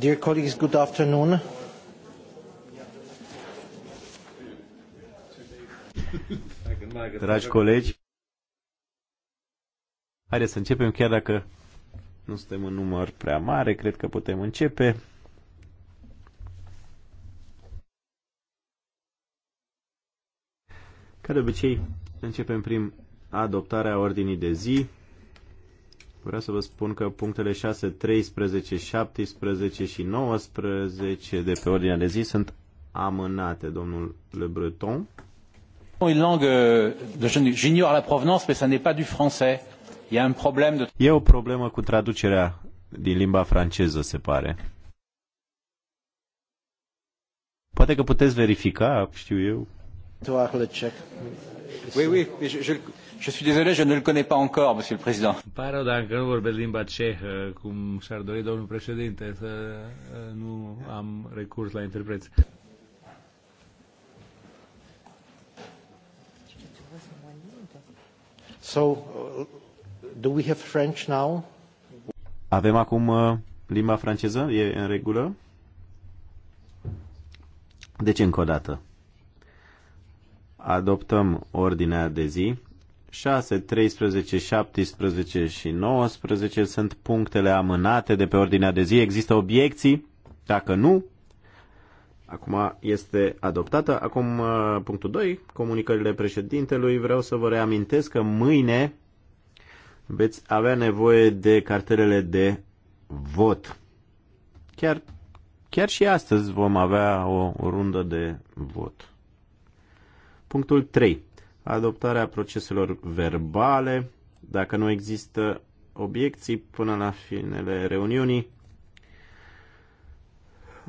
Dear colleagues, good afternoon. Dragi colegi, haideți să începem, chiar dacă nu suntem în număr prea mare, cred că putem începe. Ca de obicei, începem prim adoptarea ordinii de zi. Vreau să vă spun că punctele 6, 13, 17 și 19 de pe ordinea de zi sunt amânate, domnul Le Breton. Une langue, euh, j'ignore la provenance, mais ça n'est pas du français. Il y a un problème de... E o problemă cu traducerea din limba franceză, se pare. Poate că puteți verifica, știu eu. Tu check. Oui, oui, je, je, je suis désolé, je ne le connais pas encore, Monsieur le Président. Pare dacă nu vorbesc limba cehă, cum și-ar dori domnul președinte, să uh, nu am recurs la interpreți. So, uh, do we have French now? Avem acum uh, limba franceză? E în regulă? Deci încă o dată adoptăm ordinea de zi. 6, 13, 17 și 19 sunt punctele amânate de pe ordinea de zi. Există obiecții? Dacă nu, acum este adoptată. Acum uh, punctul 2, comunicările președintelui. Vreau să vă reamintesc că mâine veți avea nevoie de cartelele de vot. Chiar, chiar și astăzi vom avea o, o rundă de vot. Punctul 3. Adoptarea proceselor verbale. Dacă nu există obiecții până la finele reuniunii,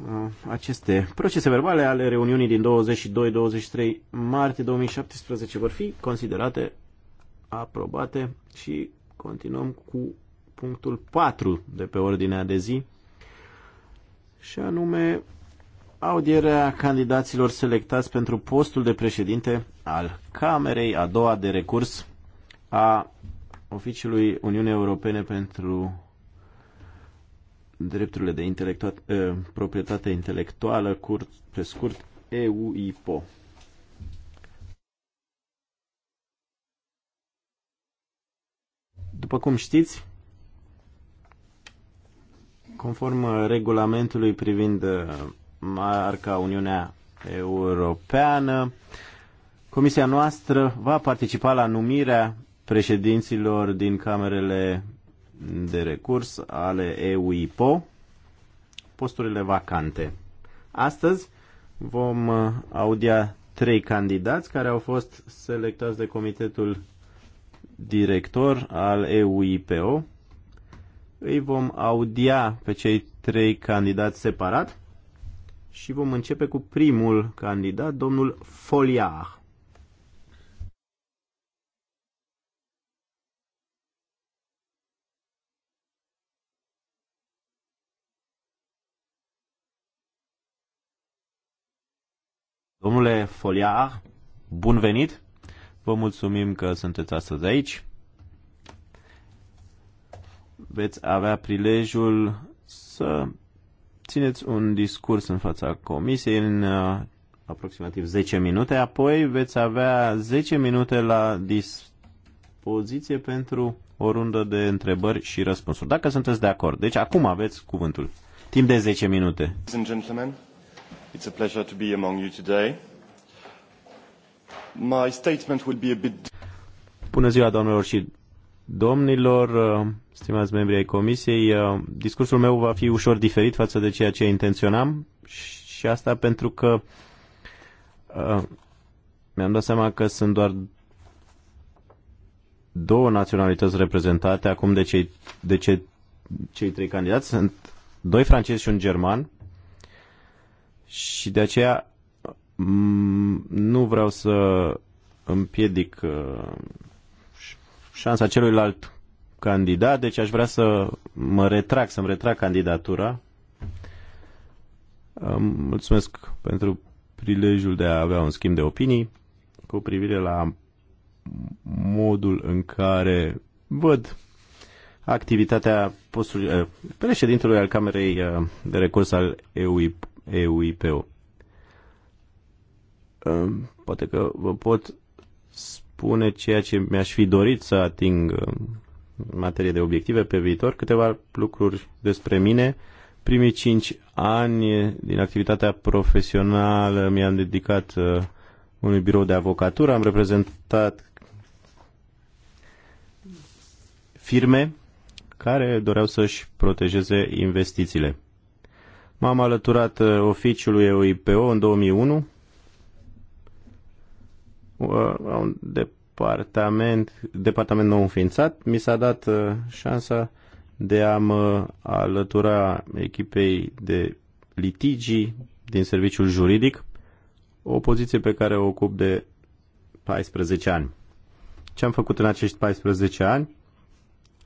uh, aceste procese verbale ale reuniunii din 22-23 martie 2017 vor fi considerate aprobate și continuăm cu punctul 4 de pe ordinea de zi și anume audierea candidaților selectați pentru postul de președinte al Camerei a doua de recurs a Oficiului Uniunii Europene pentru drepturile de intelectual, uh, proprietate intelectuală, curt, pe scurt EUIPO. După cum știți, conform regulamentului privind eh, marca Uniunea Europeană. Comisia noastră va participa la numirea președinților din camerele de recurs ale EUIPO, posturile vacante. Astăzi vom uh, audia trei candidați care au fost selectați de comitetul director al EUIPO. Îi vom audia pe cei trei candidați separat și vom începe cu primul candidat, domnul Foliar. Domnule Foliar, bun venit! Vă mulțumim că sunteți astăzi aici. Veți avea prilejul să țineți un discurs în fața comisiei în uh, aproximativ 10 minute, apoi veți avea 10 minute la dispoziție pentru o rundă de întrebări și răspunsuri, dacă sunteți de acord. Deci acum aveți cuvântul. Timp de 10 minute. Ladies and gentlemen, It's a pleasure to be among you today. My statement will be a bit... Bună ziua, doamnelor și domnilor, uh, stimați membri ai comisiei, uh, discursul meu va fi ușor diferit față de ceea ce intenționam și asta pentru că uh, mi-am dat seama că sunt doar două naționalități reprezentate acum de cei, de ce, cei trei candidați. Sunt doi francezi și un german și de aceea mm, nu vreau să împiedic șansa celuilalt candidat, deci aș vrea să mă retrag, să-mi retrag candidatura. Mulțumesc pentru prilejul de a avea un schimb de opinii cu privire la modul în care văd activitatea postului, eh, președintelui al Camerei eh, de Recurs al EUIP, EUIPO. Ehm, poate că vă pot spune spune ceea ce mi-aș fi dorit să ating uh, în materie de obiective pe viitor. Câteva lucruri despre mine. Primii cinci ani din activitatea profesională mi-am dedicat uh, unui birou de avocatură, am reprezentat firme care doreau să-și protejeze investițiile. M-am alăturat uh, oficiului EUIPO în 2001 Uh, un departament, departament nou înființat, mi s-a dat uh, șansa de a mă alătura echipei de litigii din serviciul juridic, o poziție pe care o ocup de 14 ani. Ce am făcut în acești 14 ani?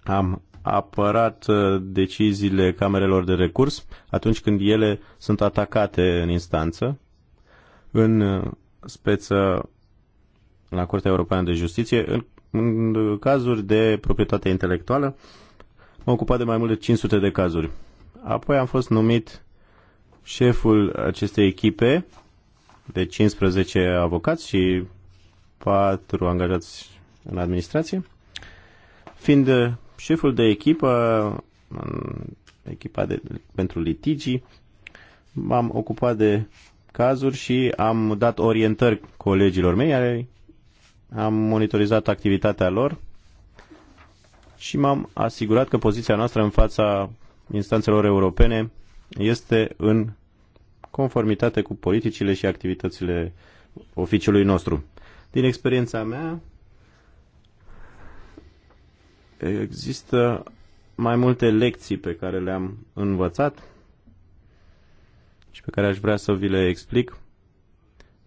Am apărat uh, deciziile camerelor de recurs atunci când ele sunt atacate în instanță. În speță la Curtea Europeană de Justiție în, în cazuri de proprietate intelectuală. M-am ocupat de mai mult de 500 de cazuri. Apoi am fost numit șeful acestei echipe de 15 avocați și 4 angajați în administrație. Fiind șeful de echipă, echipa de, pentru litigi, m-am ocupat de cazuri și am dat orientări colegilor mei, am monitorizat activitatea lor și m-am asigurat că poziția noastră în fața instanțelor europene este în conformitate cu politicile și activitățile oficiului nostru. Din experiența mea, există mai multe lecții pe care le-am învățat și pe care aș vrea să vi le explic,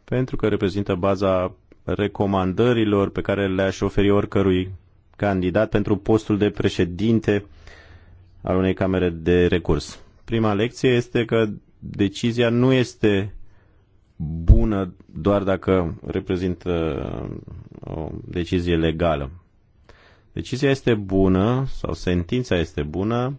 pentru că reprezintă baza recomandărilor pe care le-aș oferi oricărui candidat pentru postul de președinte al unei camere de recurs. Prima lecție este că decizia nu este bună doar dacă reprezintă uh, o decizie legală. Decizia este bună sau sentința este bună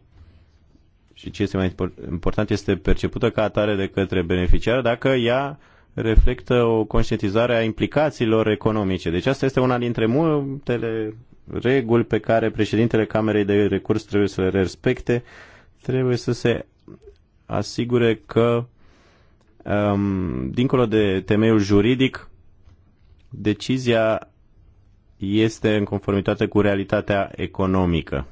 și ce este mai important este percepută ca atare de către beneficiar dacă ea reflectă o conștientizare a implicațiilor economice. Deci asta este una dintre multele reguli pe care președintele Camerei de Recurs trebuie să le respecte. Trebuie să se asigure că, um, dincolo de temeiul juridic, decizia este în conformitate cu realitatea economică.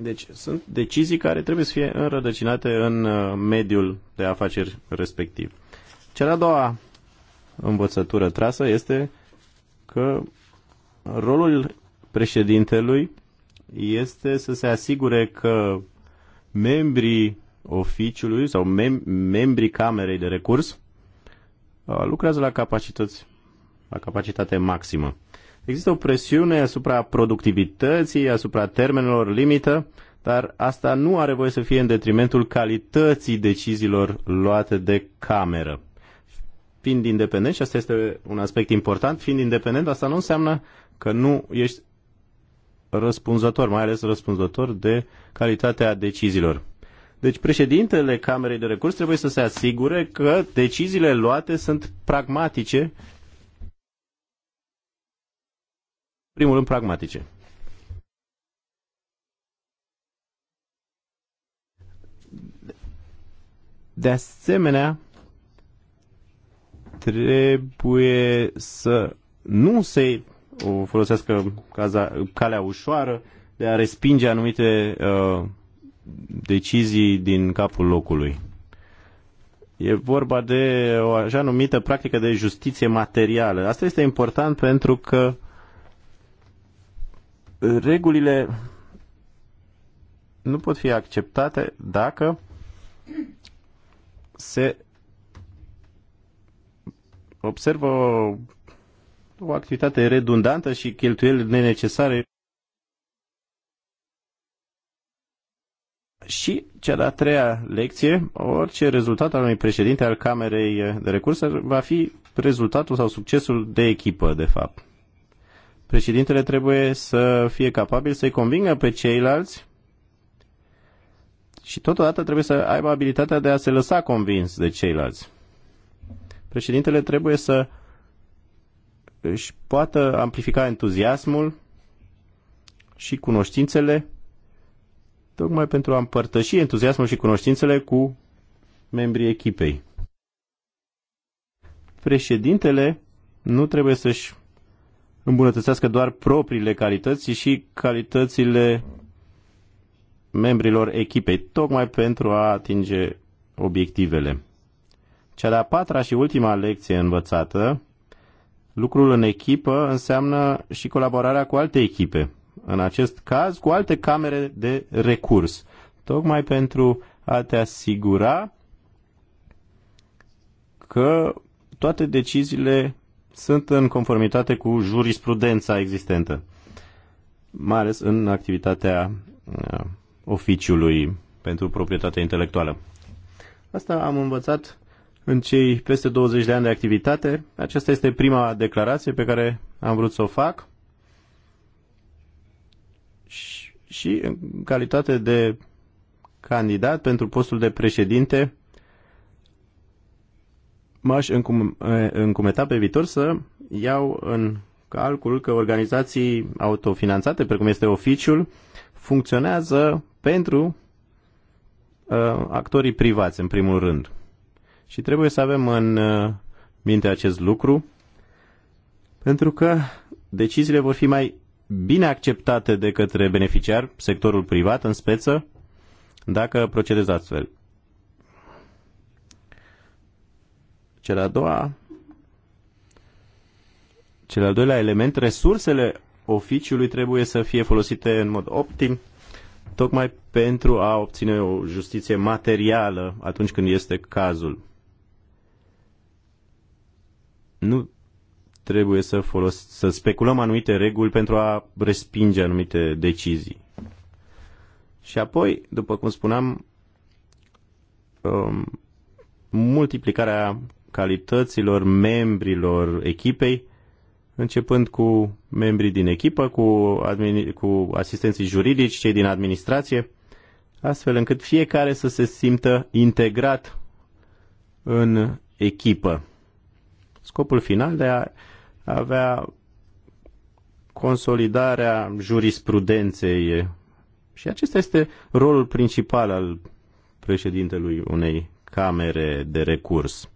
Deci sunt decizii care trebuie să fie înrădăcinate în uh, mediul de afaceri respectiv. Cea a doua învățătură trasă este că rolul președintelui este să se asigure că membrii oficiului sau mem- membrii Camerei de Recurs uh, lucrează la capacități, la capacitate maximă. Există o presiune asupra productivității, asupra termenelor limită, dar asta nu are voie să fie în detrimentul calității deciziilor luate de cameră. Fiind independent, și asta este un aspect important, fiind independent, asta nu înseamnă că nu ești răspunzător, mai ales răspunzător de calitatea deciziilor. Deci președintele Camerei de Recurs trebuie să se asigure că deciziile luate sunt pragmatice primul rând pragmatice. De asemenea, trebuie să nu se o folosească caza, calea ușoară de a respinge anumite uh, decizii din capul locului. E vorba de o așa numită practică de justiție materială. Asta este important pentru că regulile nu pot fi acceptate dacă se observă o, o activitate redundantă și cheltuieli nenecesare. Și cea de-a treia lecție, orice rezultat al unui președinte al Camerei de Recurs va fi rezultatul sau succesul de echipă, de fapt președintele trebuie să fie capabil să-i convingă pe ceilalți și totodată trebuie să aibă abilitatea de a se lăsa convins de ceilalți. Președintele trebuie să își poată amplifica entuziasmul și cunoștințele tocmai pentru a împărtăși entuziasmul și cunoștințele cu membrii echipei. Președintele nu trebuie să-și îmbunătățească doar propriile calități și calitățile membrilor echipei, tocmai pentru a atinge obiectivele. Cea de-a patra și ultima lecție învățată, lucrul în echipă înseamnă și colaborarea cu alte echipe, în acest caz cu alte camere de recurs, tocmai pentru a te asigura că toate deciziile sunt în conformitate cu jurisprudența existentă, mai ales în activitatea uh, oficiului pentru proprietatea intelectuală. Asta am învățat în cei peste 20 de ani de activitate. Aceasta este prima declarație pe care am vrut să o fac și, și în calitate de candidat pentru postul de președinte m-aș încumeta pe viitor să iau în calcul că organizații autofinanțate, precum este oficiul, funcționează pentru uh, actorii privați, în primul rând. Și trebuie să avem în uh, minte acest lucru, pentru că deciziile vor fi mai bine acceptate de către beneficiar, sectorul privat în speță, dacă procedezi astfel. Cea de-a doua, cel al doilea element, resursele oficiului trebuie să fie folosite în mod optim, tocmai pentru a obține o justiție materială atunci când este cazul. Nu trebuie să, folos- să speculăm anumite reguli pentru a respinge anumite decizii. Și apoi, după cum spuneam, um, multiplicarea calităților membrilor echipei, începând cu membrii din echipă, cu, admini- cu asistenții juridici, cei din administrație, astfel încât fiecare să se simtă integrat în echipă. Scopul final de a avea consolidarea jurisprudenței și acesta este rolul principal al președintelui unei camere de recurs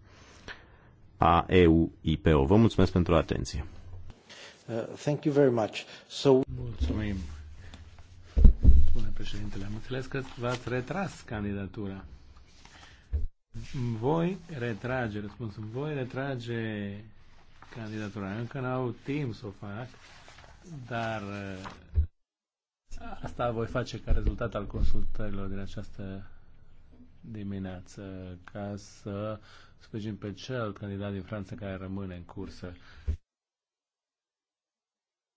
a EU-IPO. Vă mulțumesc pentru atenție. Uh, thank you very much. So... Mulțumim. Domnule președintele, am înțeles că v-ați retras candidatura. Voi retrage, răspunsul, voi retrage candidatura. Încă n-au timp să o fac, dar uh, asta voi face ca rezultat al consultărilor din această dimineață, ca să sprijin pe cel candidat din Franța care rămâne în cursă.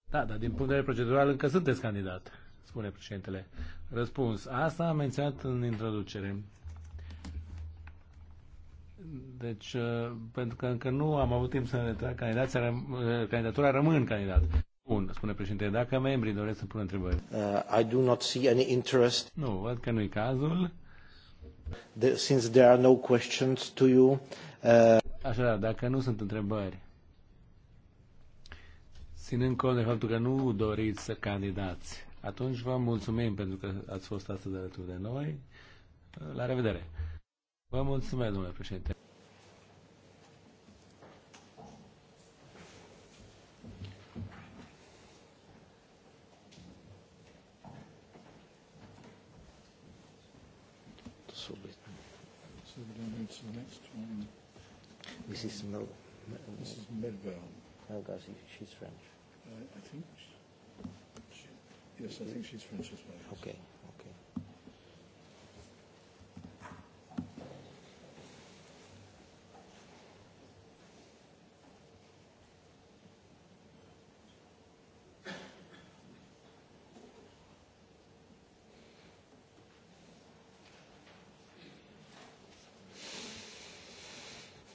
Da, dar din punct de vedere procedural încă sunteți candidat, spune președintele. Răspuns. Asta am menționat în introducere. Deci, uh, pentru că încă nu am avut timp să ne trag uh, candidatura, rămân candidat. Bun, spune președintele, dacă membrii doresc să pună întrebări. Uh, I do not see any interest. Nu, văd că nu-i cazul since there are no questions to you, uh... Așadar, dacă nu sunt întrebări, ținând cont de faptul că nu doriți să candidați, atunci vă mulțumim pentru că ați fost astăzi alături de noi. La revedere! Vă mulțumesc, domnule președinte! next one. This is Mel. This is Melbourne. Mel Garcia, she's French. I, uh, I think. She, yes, I think she's French as well. Okay.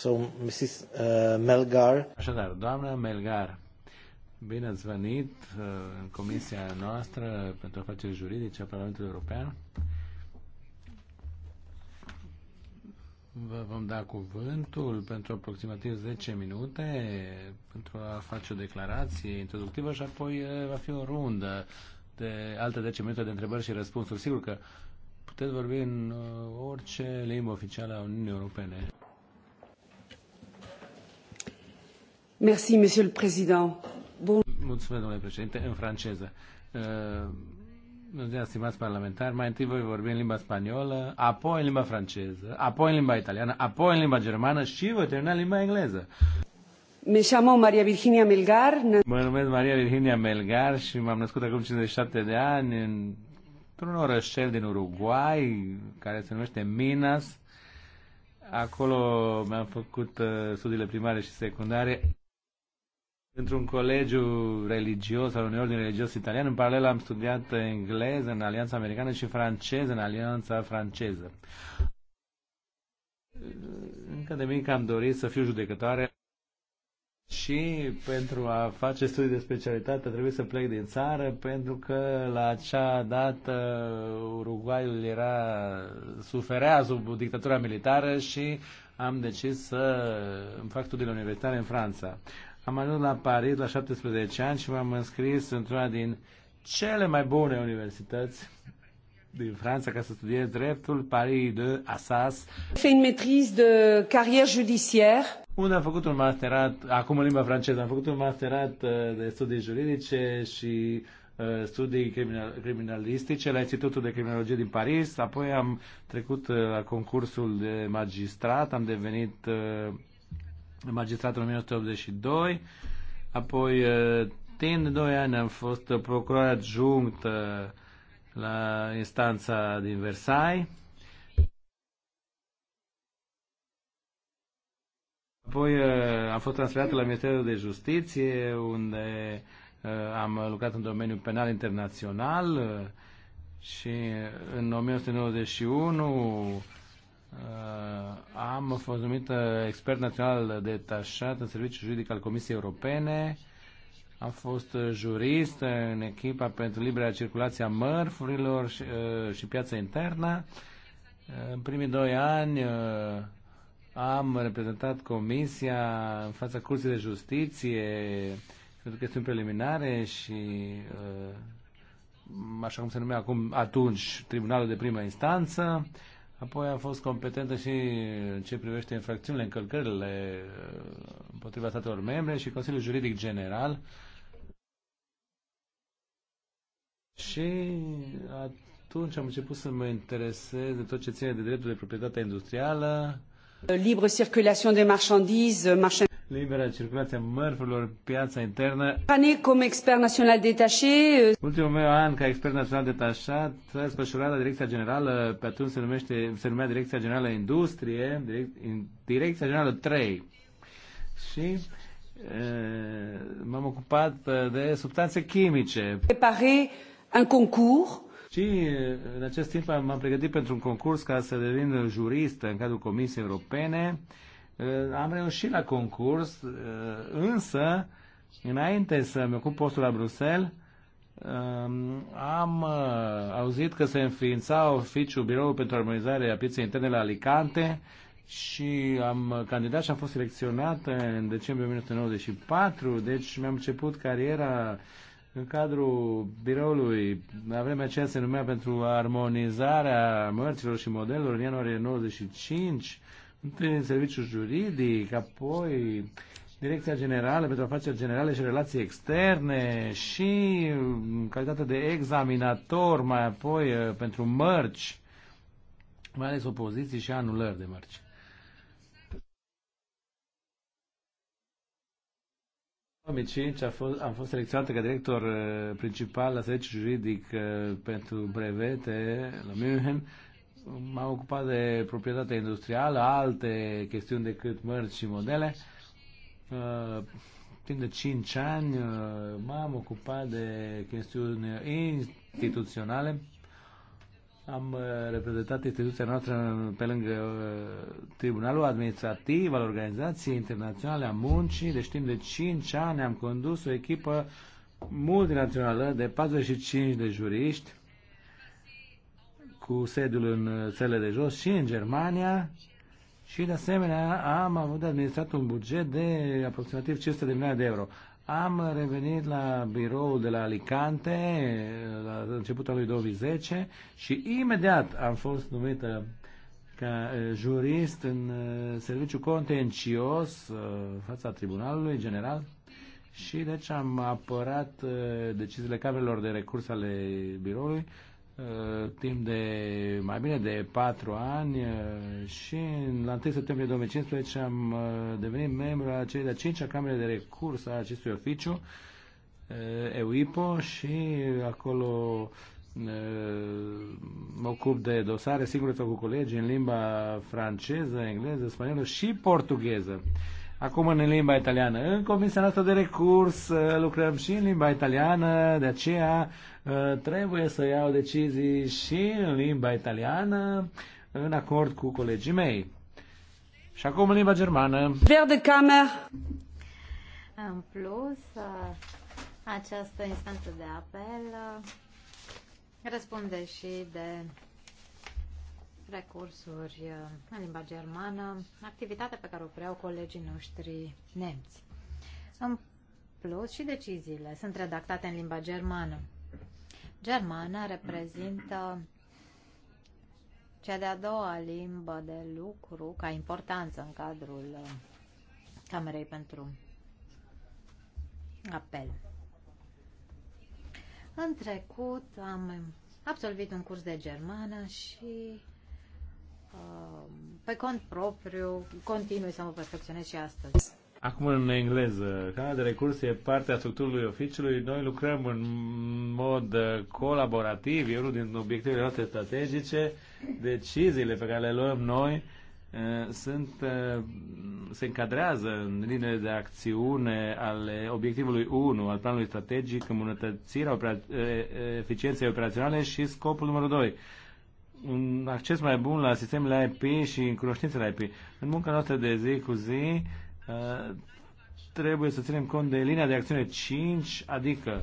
So, Mrs. Uh, Melgar. Așadar, doamna Melgar, bine ați venit uh, în comisia noastră pentru afaceri juridice a Parlamentului European. Vă vom da cuvântul pentru aproximativ 10 minute pentru a face o declarație introductivă și apoi uh, va fi o rundă de alte 10 minute de întrebări și răspunsuri. Sigur că puteți vorbi în orice limbă oficială a Uniunii Europene. Merci, Monsieur le Président. Bun. Mulțumesc, domnule președinte, în franceză. Uh, bună stimați parlamentari. Mai întâi voi vorbi în limba spaniolă, apoi în limba franceză, apoi în limba italiană, apoi în limba germană și voi termina în limba engleză. Me chamo Maria Virginia Melgar. Mă numesc Maria Virginia Melgar și m-am născut acum 57 de ani în, într-un orășel din Uruguay care se numește Minas. Acolo mi-am făcut uh, studiile primare și secundare într-un colegiu religios al unui ordin religios italian. În paralel am studiat engleză în Alianța Americană și franceză în Alianța Franceză. Încă de mic am dorit să fiu judecătoare și pentru a face studii de specialitate trebuie să plec din țară pentru că la acea dată Uruguayul era, suferea sub dictatura militară și am decis să îmi fac studiile universitare în Franța. Am ajuns la Paris la 17 ani și m-am înscris într-una din cele mai bune universități din Franța ca să studiez dreptul Paris de Assas. Fait une maîtrise de carrière judiciaire. Unde am făcut un masterat, acum în limba franceză, am făcut un masterat uh, de studii juridice și uh, studii criminal, criminalistice la Institutul de Criminologie din Paris, apoi am trecut uh, la concursul de magistrat, am devenit magistrat în 1982, apoi uh, timp de 2 ani am fost procuror adjunct uh, la instanța din Versailles. Apoi uh, am fost transferat la Ministerul de Justiție, unde am lucrat în domeniul penal internațional și în 1991 Uh, am fost numit expert național detașat în serviciul juridic al Comisiei Europene. Am fost jurist în echipa pentru libera circulație a mărfurilor și, uh, și piața internă. Uh, în primii doi ani am reprezentat Comisia în fața Curții de Justiție pentru chestiuni preliminare și așa cum se numea acum atunci Tribunalul de Primă Instanță. Apoi a fost competentă și în ce privește infracțiunile, încălcările uh, împotriva statelor membre și Consiliul Juridic General. Și atunci am început să mă interesez de tot ce ține de dreptul de proprietate industrială. Libre circulation de marchandises, marchand libera circulație a mărfurilor, piața internă. Cum expert național detașat. Uh, Ultimul meu an ca expert național detașat s-a desfășurat la Direcția Generală, pe atunci se, numește, se numea Direcția Generală Industrie, Direcția Generală 3. Și uh, m-am ocupat uh, de substanțe chimice. Prepare un concurs și în acest timp m-am pregătit pentru un concurs ca să devin jurist în cadrul Comisiei Europene Eh, am reușit la concurs, eh, însă, înainte să mă ocup postul la Bruxelles, eh, am auzit că se înființa oficiul Biroul pentru a Pieței Interne la Alicante și am candidat și am fost selecționat în decembrie 1994, deci mi-am început cariera în cadrul biroului, la vremea aceea se numea pentru armonizarea mărților și modelelor, în ianuarie 95, prin serviciu juridic, apoi Direcția Generală pentru Afaceri Generale și Relații Externe și în calitate de examinator, mai apoi uh, pentru mărci, mai ales opoziții și anulări de mărci. În fost, am fost selecționată ca director uh, principal la serviciu juridic uh, pentru brevete la München m-am ocupat de proprietate industrială, alte chestiuni decât mărci și modele. Uh, timp de 5 ani uh, m-am ocupat de chestiuni instituționale. Am uh, reprezentat instituția noastră pe lângă Tribunalul Administrativ al Organizației Internaționale a Muncii. Deci timp de 5 ani am condus o echipă multinațională de 45 de juriști cu sediul în țele de jos și în Germania și de asemenea am avut de administrat un buget de aproximativ 500 de milioane de euro. Am revenit la biroul de la Alicante la începutul lui 2010 și imediat am fost numită ca eh, jurist în eh, serviciu contencios eh, fața Tribunalului General și deci am apărat deciziile camerelor de recurs ale biroului Uh, timp de mai bine de patru ani uh, și la 1 septembrie 2015 am uh, devenit membru a celei de-a cincea camere de recurs a acestui oficiu, EUIPO, și acolo mă ocup de dosare, sau cu colegi în limba franceză, engleză, spaniolă și portugheză. Acum în limba italiană. În comisia noastră de recurs lucrăm și în limba italiană, de aceea Eh, trebuie să iau decizii și în limba italiană, în acord cu colegii mei. Și acum în limba germană. Verde camera. În plus, eh, această instanță de apel eh, răspunde și de recursuri în limba germană, activitatea pe care o preau colegii noștri nemți. În plus și deciziile sunt redactate în limba germană germana reprezintă cea de-a doua limbă de lucru ca importanță în cadrul uh, Camerei pentru apel. În trecut am absolvit un curs de germană și uh, pe cont propriu continui să mă perfecționez și astăzi. Acum în engleză. Canala de recurs e parte a structurului oficiului. Noi lucrăm în mod uh, colaborativ. E unul din obiectivele noastre strategice. Deciziile pe care le luăm noi uh, sunt, uh, se încadrează în linele de acțiune ale obiectivului 1 al planului strategic, îmbunătățirea opera, eficienței operaționale și scopul numărul 2 un acces mai bun la sistemele IP și cunoștințele IP. În munca noastră de zi cu zi Uh, trebuie să ținem cont de linia de acțiune 5, adică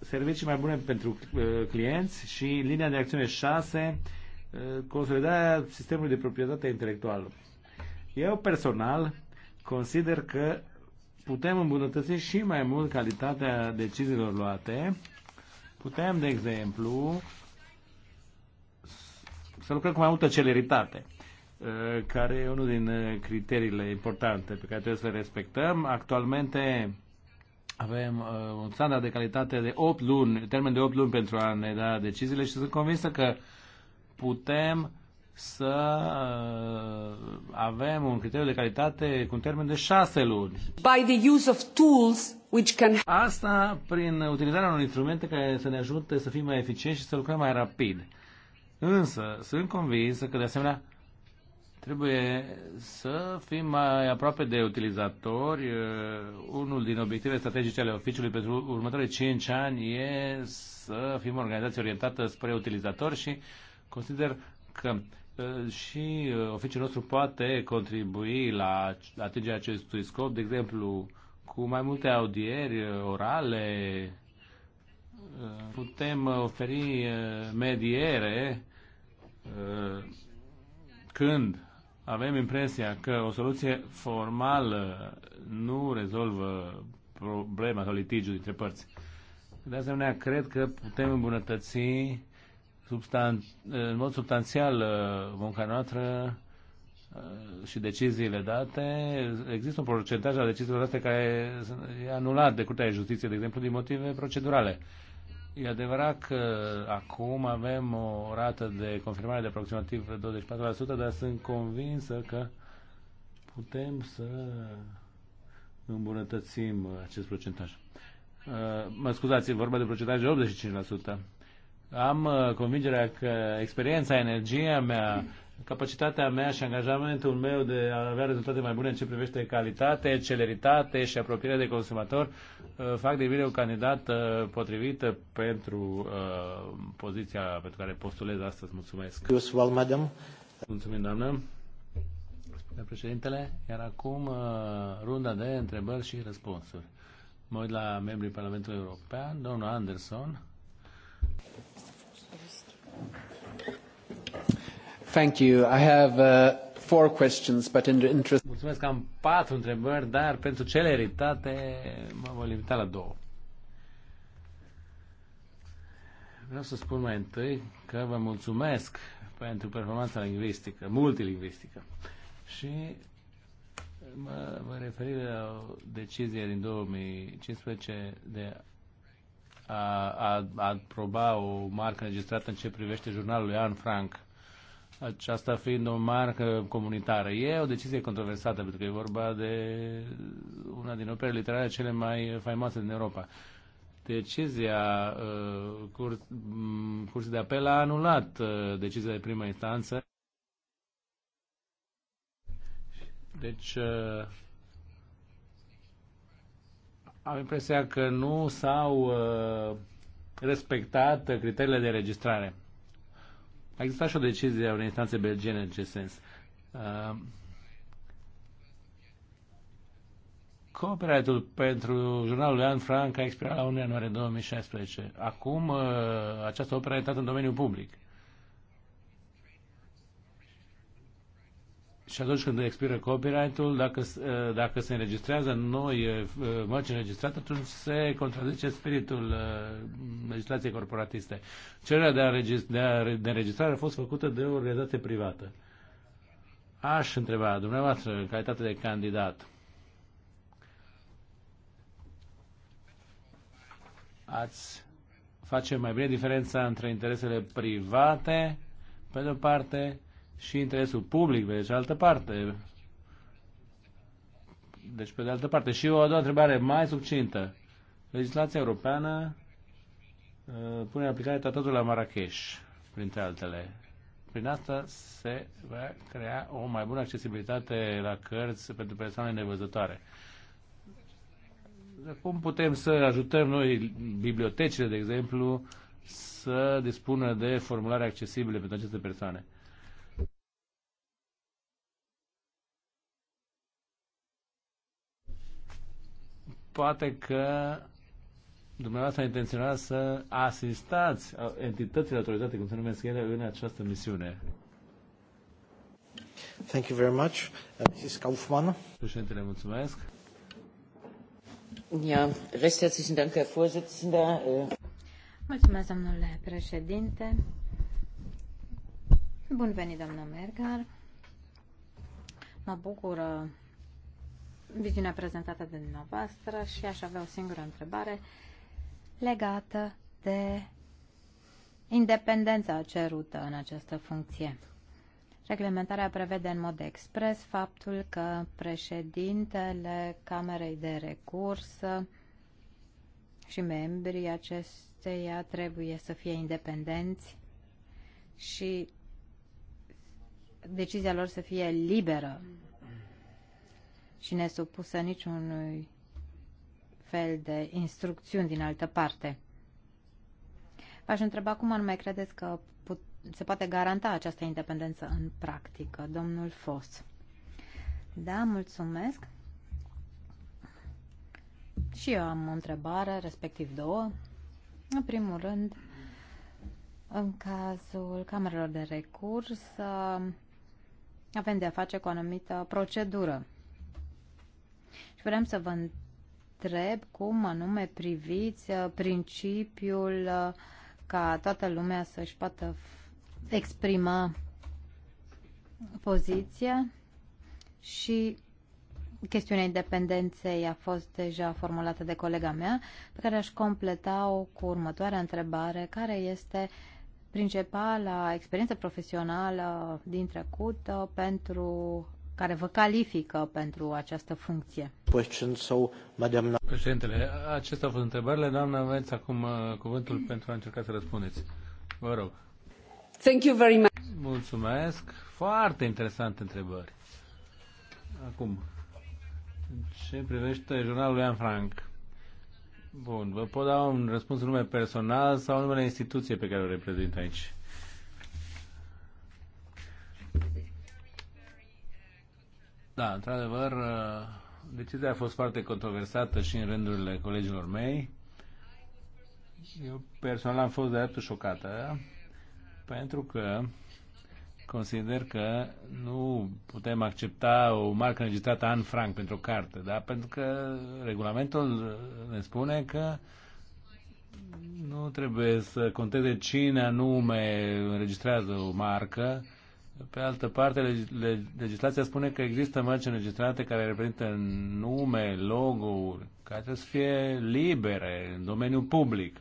servicii mai bune pentru uh, clienți și linia de acțiune 6, uh, consolidarea sistemului de proprietate intelectuală. Eu personal consider că putem îmbunătăți și mai mult calitatea deciziilor luate. Putem, de exemplu, să lucrăm cu mai multă celeritate. Eh, care e unul din eh, criteriile importante pe care trebuie să le respectăm. Actualmente avem uh, un standard de calitate de 8 luni, termen de 8 luni pentru a ne da deciziile și sunt convinsă că putem să uh, avem un criteriu de calitate cu un termen de 6 luni. By the use of tools which can... Asta prin utilizarea unor instrumente care să ne ajute să fim mai eficienți și să lucrăm mai rapid. Însă, sunt convinsă că, de asemenea, Trebuie să fim mai aproape de utilizatori. Uh, unul din obiective strategice ale oficiului pentru următorii 5 ani e să fim o organizație orientată spre utilizatori și consider că uh, și uh, oficiul nostru poate contribui la atingerea acestui scop, de exemplu, cu mai multe audieri orale, putem oferi mediere când avem impresia că o soluție formală nu rezolvă problema sau litigiul dintre părți. De asemenea, cred că putem îmbunătăți substan- în mod substanțial uh, munca noastră uh, și deciziile date. Există un procentaj al deciziilor date care e anulat de Curtea de Justiție, de exemplu, din motive procedurale. E adevărat că acum avem o rată de confirmare de aproximativ 24%, dar sunt convinsă că putem să îmbunătățim acest procentaj. Uh, mă scuzați, e vorba de procentaj de 85%. Am uh, convingerea că experiența, energia mea, capacitatea mea și angajamentul meu de a avea rezultate mai bune în ce privește calitate, celeritate și apropiere de consumator uh, fac de mine un candidat uh, potrivit pentru uh, poziția pentru care postulez astăzi. Mulțumesc. Well, madam. Mulțumim, doamnă. Spune președintele. Iar acum runda de întrebări și răspunsuri. Mă uit la membrii Parlamentului European, domnul Anderson. Thank you. I have uh, four questions, but in the interest... Mulțumesc, am patru întrebări, dar pentru cele eritate mă voi limita la două. Vreau să spun mai întâi că vă mulțumesc pentru performanța lingvistică, multilingvistică. Și mă, mă referi la o decizie din 2015 de a, a, a aproba o marcă înregistrată în ce privește jurnalul Ian Frank aceasta fiind o marcă comunitară. E o decizie controversată, pentru că e vorba de una din opere literare cele mai faimoase din Europa. Decizia uh, curs, mm, cursului de Apel a anulat uh, decizia de prima instanță. Deci, uh, am impresia că nu s-au uh, respectat criteriile de registrare. A existat și o decizie a unei instanțe belgene în ce sens. Uh, copyright-ul pentru jurnalul An Frank a expirat la 1 ianuarie 2016. Acum uh, această operă a intrat în domeniul public. și atunci când expiră copyright-ul, dacă, eh, dacă se înregistrează noi eh, mărci înregistrate, atunci se contrazice spiritul eh, legislației corporatiste. Cererea de, a de, a, de înregistrare a fost făcută de o organizație privată. Aș întreba, dumneavoastră, în calitate de candidat, ați face mai bine diferența între interesele private, pe de o parte, și interesul public, pe de altă parte. Deci, pe de altă parte. Și o a doua întrebare mai subțintă: Legislația europeană uh, pune în aplicare tratatul la Marrakesh, printre altele. Prin asta se va crea o mai bună accesibilitate la cărți pentru persoane nevăzătoare. Cum putem să ajutăm noi bibliotecile, de exemplu, să dispună de formulare accesibile pentru aceste persoane? poate că dumneavoastră intenționați să asistați entitățile autorizate, cum se numesc ele, în această misiune. Thank you very much. Mrs. Uh, Kaufmann. Președintele, mulțumesc. Ja, recht herzlichen Dank, Herr Vorsitzender. Uh. Mulțumesc, domnule președinte. Bun venit, doamna Mergar. Mă bucură viziunea prezentată de dumneavoastră și aș avea o singură întrebare legată de independența cerută în această funcție. Reglementarea prevede în mod expres faptul că președintele Camerei de Recurs și membrii acesteia trebuie să fie independenți și decizia lor să fie liberă și nesupusă niciunui fel de instrucțiuni din altă parte. V-aș întreba cum anume credeți că put- se poate garanta această independență în practică, domnul Fos. Da, mulțumesc. Și eu am o întrebare, respectiv două. În primul rând, în cazul camerelor de recurs, uh, avem de a face cu o anumită procedură vrem să vă întreb cum anume priviți uh, principiul uh, ca toată lumea să-și poată exprima poziția și chestiunea independenței a fost deja formulată de colega mea, pe care aș completa-o cu următoarea întrebare, care este principala experiență profesională din trecut uh, pentru care vă califică pentru această funcție. Președintele, acestea au fost întrebările. Doamna, aveți acum uh, cuvântul pentru a încerca să răspundeți. Vă rog. Thank you very much. Mulțumesc. Foarte interesante întrebări. Acum, ce privește jurnalul Ian Frank? Bun, vă pot da un răspuns în nume personal sau în numele instituției pe care o reprezint aici. Da, într-adevăr, uh, decizia a fost foarte controversată și în rândurile colegilor mei. Eu personal am fost de șocată pentru că consider că nu putem accepta o marcă înregistrată an franc pentru o carte, da? pentru că regulamentul ne spune că nu trebuie să conteze cine anume înregistrează o marcă, pe altă parte, legislația spune că există mărci înregistrate care reprezintă nume, logo-uri, care trebuie să fie libere în domeniul public.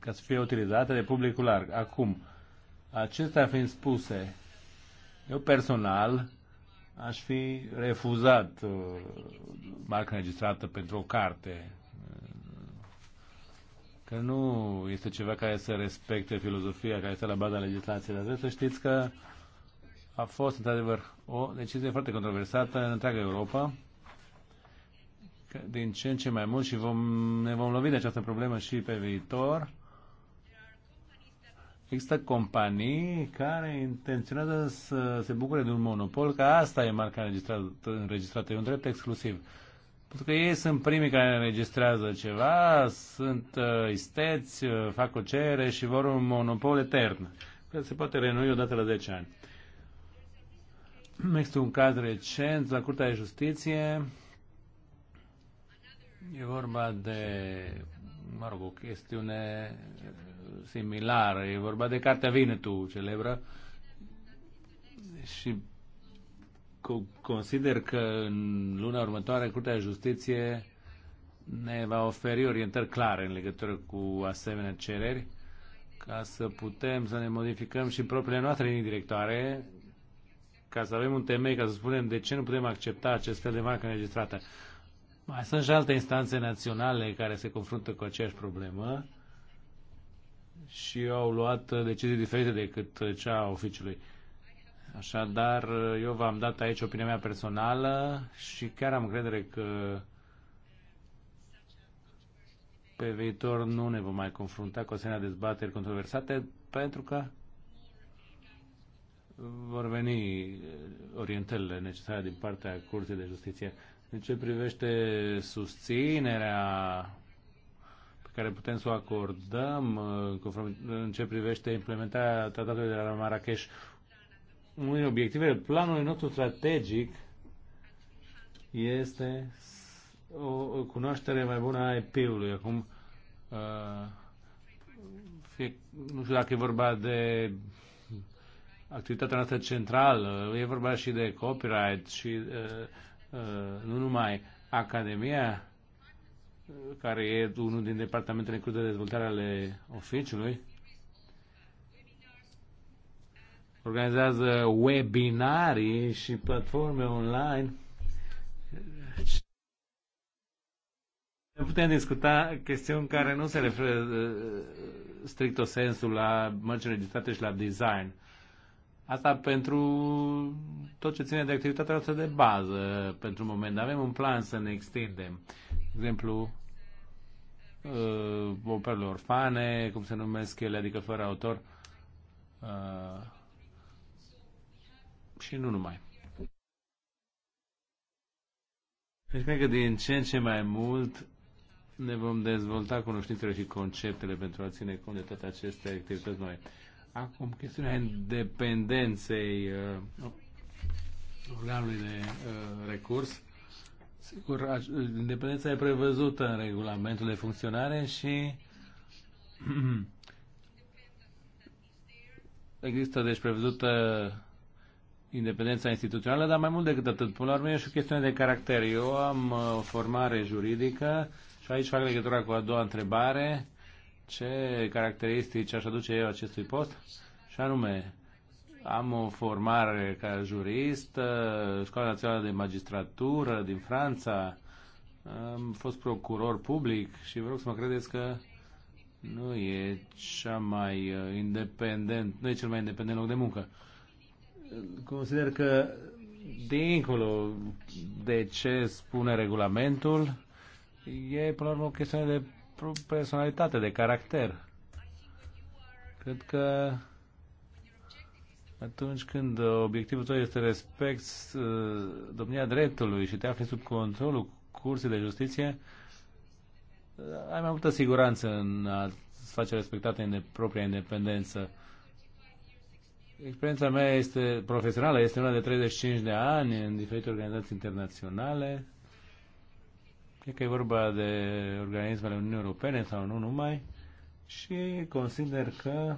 ca să fie utilizate de publicul larg. Acum, acestea fiind spuse, eu personal aș fi refuzat uh, marca înregistrată pentru o carte că nu este ceva care să respecte filozofia care este la baza legislației, dar trebuie să știți că a fost, într-adevăr, o decizie foarte controversată în întreaga Europa. Că din ce în ce mai mult și vom, ne vom lovi de această problemă și pe viitor. Există companii care intenționează să se bucure de un monopol, că asta e marca înregistrată, înregistrată e un drept exclusiv. Pentru că ei sunt primii care înregistrează ceva, sunt uh, isteți, uh, fac o cere și vor un monopol etern, care se poate renui odată la 10 ani. Este un caz recent la Curtea de Justiție. E vorba de, mă rog, o chestiune similară. E vorba de Cartea Vinetu, celebră. Și consider că în luna următoare Curtea de Justiție ne va oferi orientări clare în legătură cu asemenea cereri ca să putem să ne modificăm și propriile noastre linii directoare ca să avem un temei, ca să spunem de ce nu putem accepta acest fel de marcă înregistrată. Mai sunt și alte instanțe naționale care se confruntă cu aceeași problemă și au luat decizii diferite decât cea a oficiului. Așadar, eu v-am dat aici opinia mea personală și chiar am credere că pe viitor nu ne vom mai confrunta cu asemenea dezbateri controversate pentru că vor veni eh, orientările necesare din partea Curții de Justiție. În ce privește susținerea pe care putem să o acordăm eh, în ce privește implementarea tratatului de la Marrakesh, unul din obiectivele planului nostru strategic este o cunoaștere mai bună a IP-ului. Acum, fie, nu știu dacă e vorba de activitatea noastră centrală, e vorba și de copyright și nu numai Academia, care e unul din departamentele cu de dezvoltare ale oficiului, organizează webinarii și platforme online. Putem discuta chestiuni care nu se referă uh, o sensul la mărci registrate și la design. Asta pentru tot ce ține de activitatea noastră de bază pentru moment. Avem un plan să ne extindem. De exemplu, uh, operele orfane, cum se numesc ele, adică fără autor, uh, și nu numai. Deci cred că din ce în ce mai mult ne vom dezvolta cunoștințele și conceptele pentru a ține cont de toate aceste activități noi. Acum, chestiunea independenței uh, organului de uh, recurs. Sigur, independența e prevăzută în regulamentul de funcționare și există, deci, prevăzută independența instituțională, dar mai mult decât atât. Până la urmă e și o chestiune de caracter. Eu am uh, o formare juridică și aici fac legătura cu a doua întrebare. Ce caracteristici aș aduce eu acestui post? Și anume, am o formare ca jurist, uh, Școala Națională de Magistratură din Franța, am fost procuror public și vreau să mă credeți că nu e cea mai uh, independent, nu e cel mai independent loc de muncă consider că dincolo de ce spune regulamentul, e până la urmă o chestiune de personalitate, de caracter. Cred că atunci când obiectivul tău este respect uh, domnia dreptului și te afli sub controlul cursii de justiție, uh, ai mai multă siguranță în a face respectate în propria independență. Experiența mea este profesională, este una de 35 de ani în diferite organizații internaționale. Cred că e vorba de organismele Uniunii Europene sau nu numai. Și consider că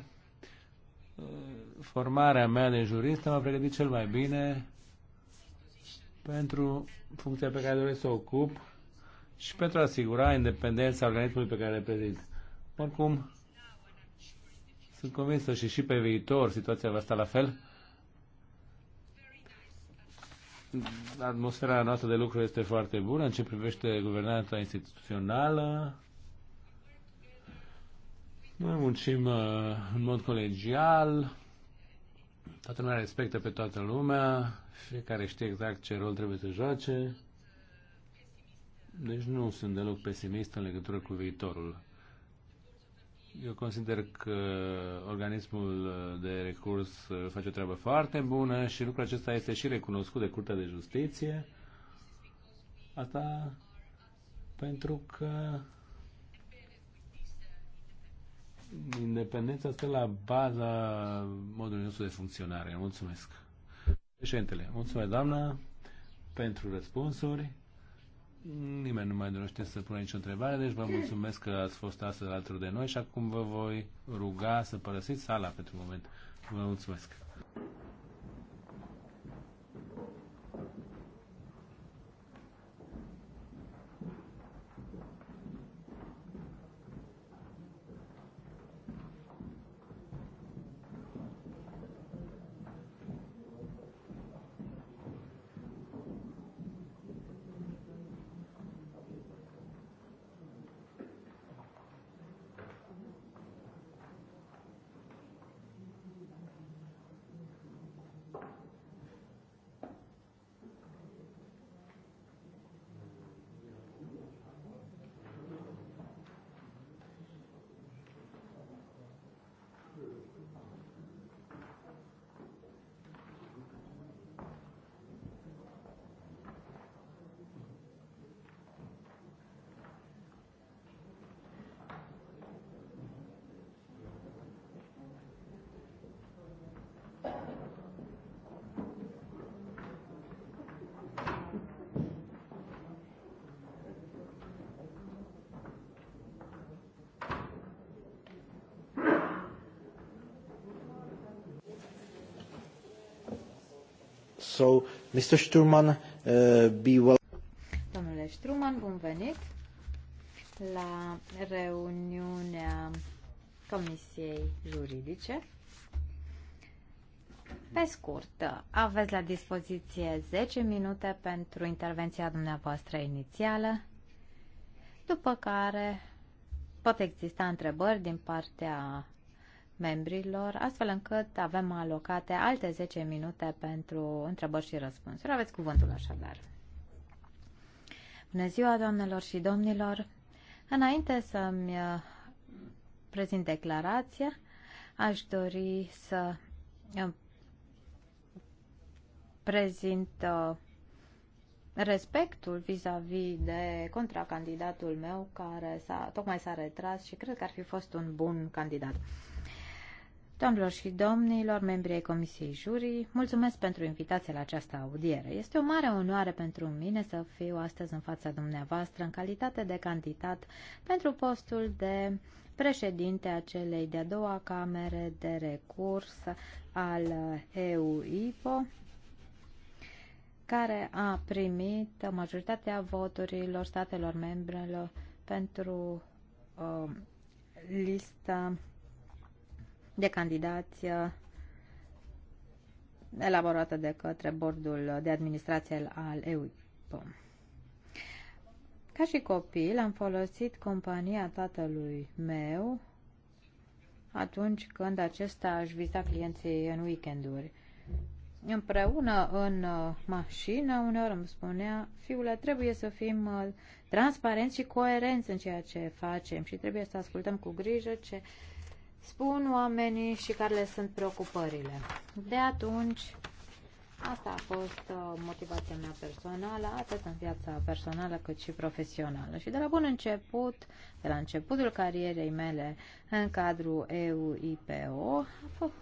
uh, formarea mea de jurist m-a pregătit cel mai bine pentru funcția pe care doresc să o ocup și pentru a asigura independența organismului pe care îl reprezint. Oricum, sunt convinsă și și pe viitor situația va sta la fel. Atmosfera noastră de lucru este foarte bună în ce privește guvernanța instituțională. Noi muncim uh, în mod colegial, toată lumea respectă pe toată lumea, fiecare știe exact ce rol trebuie să joace. Deci nu sunt deloc pesimist în legătură cu viitorul. Eu consider că organismul de recurs face o treabă foarte bună și lucrul acesta este și recunoscut de Curtea de Justiție. Asta pentru că independența stă la baza modului nostru de funcționare. Mulțumesc. Președintele, mulțumesc, doamnă, pentru răspunsuri. Nimeni nu mai dorește să pună nicio întrebare, deci vă mulțumesc că ați fost astăzi alături de noi și acum vă voi ruga să părăsiți sala pentru moment. Vă mulțumesc! Mr. Sturman, uh, be well. Domnule Sturman, bun venit la reuniunea Comisiei Juridice. Pe scurt, aveți la dispoziție 10 minute pentru intervenția dumneavoastră inițială, după care pot exista întrebări din partea membrilor, astfel încât avem alocate alte 10 minute pentru întrebări și răspunsuri. Aveți cuvântul așadar. Bună ziua, doamnelor și domnilor! Înainte să-mi uh, prezint declarația, aș dori să uh, prezint uh, respectul vis-a-vis -vis de contracandidatul meu care s-a, tocmai s-a retras și cred că ar fi fost un bun candidat. Doamnelor și domnilor, membrii ai Comisiei Jurii, mulțumesc pentru invitația la această audiere. Este o mare onoare pentru mine să fiu astăzi în fața dumneavoastră în calitate de candidat pentru postul de președinte a celei de-a doua camere de recurs al EU-IPO, care a primit majoritatea voturilor statelor membrelor pentru uh, lista de candidați uh, elaborată de către bordul de administrație al EUIPO. Ca și copil am folosit compania tatălui meu atunci când acesta își vizita clienții în weekenduri. Împreună în uh, mașină, uneori îmi spunea, fiule, trebuie să fim uh, transparenți și coerenți în ceea ce facem și trebuie să ascultăm cu grijă ce spun oamenii și care le sunt preocupările. De atunci, asta a fost uh, motivația mea personală, atât în viața personală cât și profesională. Și de la bun început, de la începutul carierei mele în cadrul EU-IPO, a fost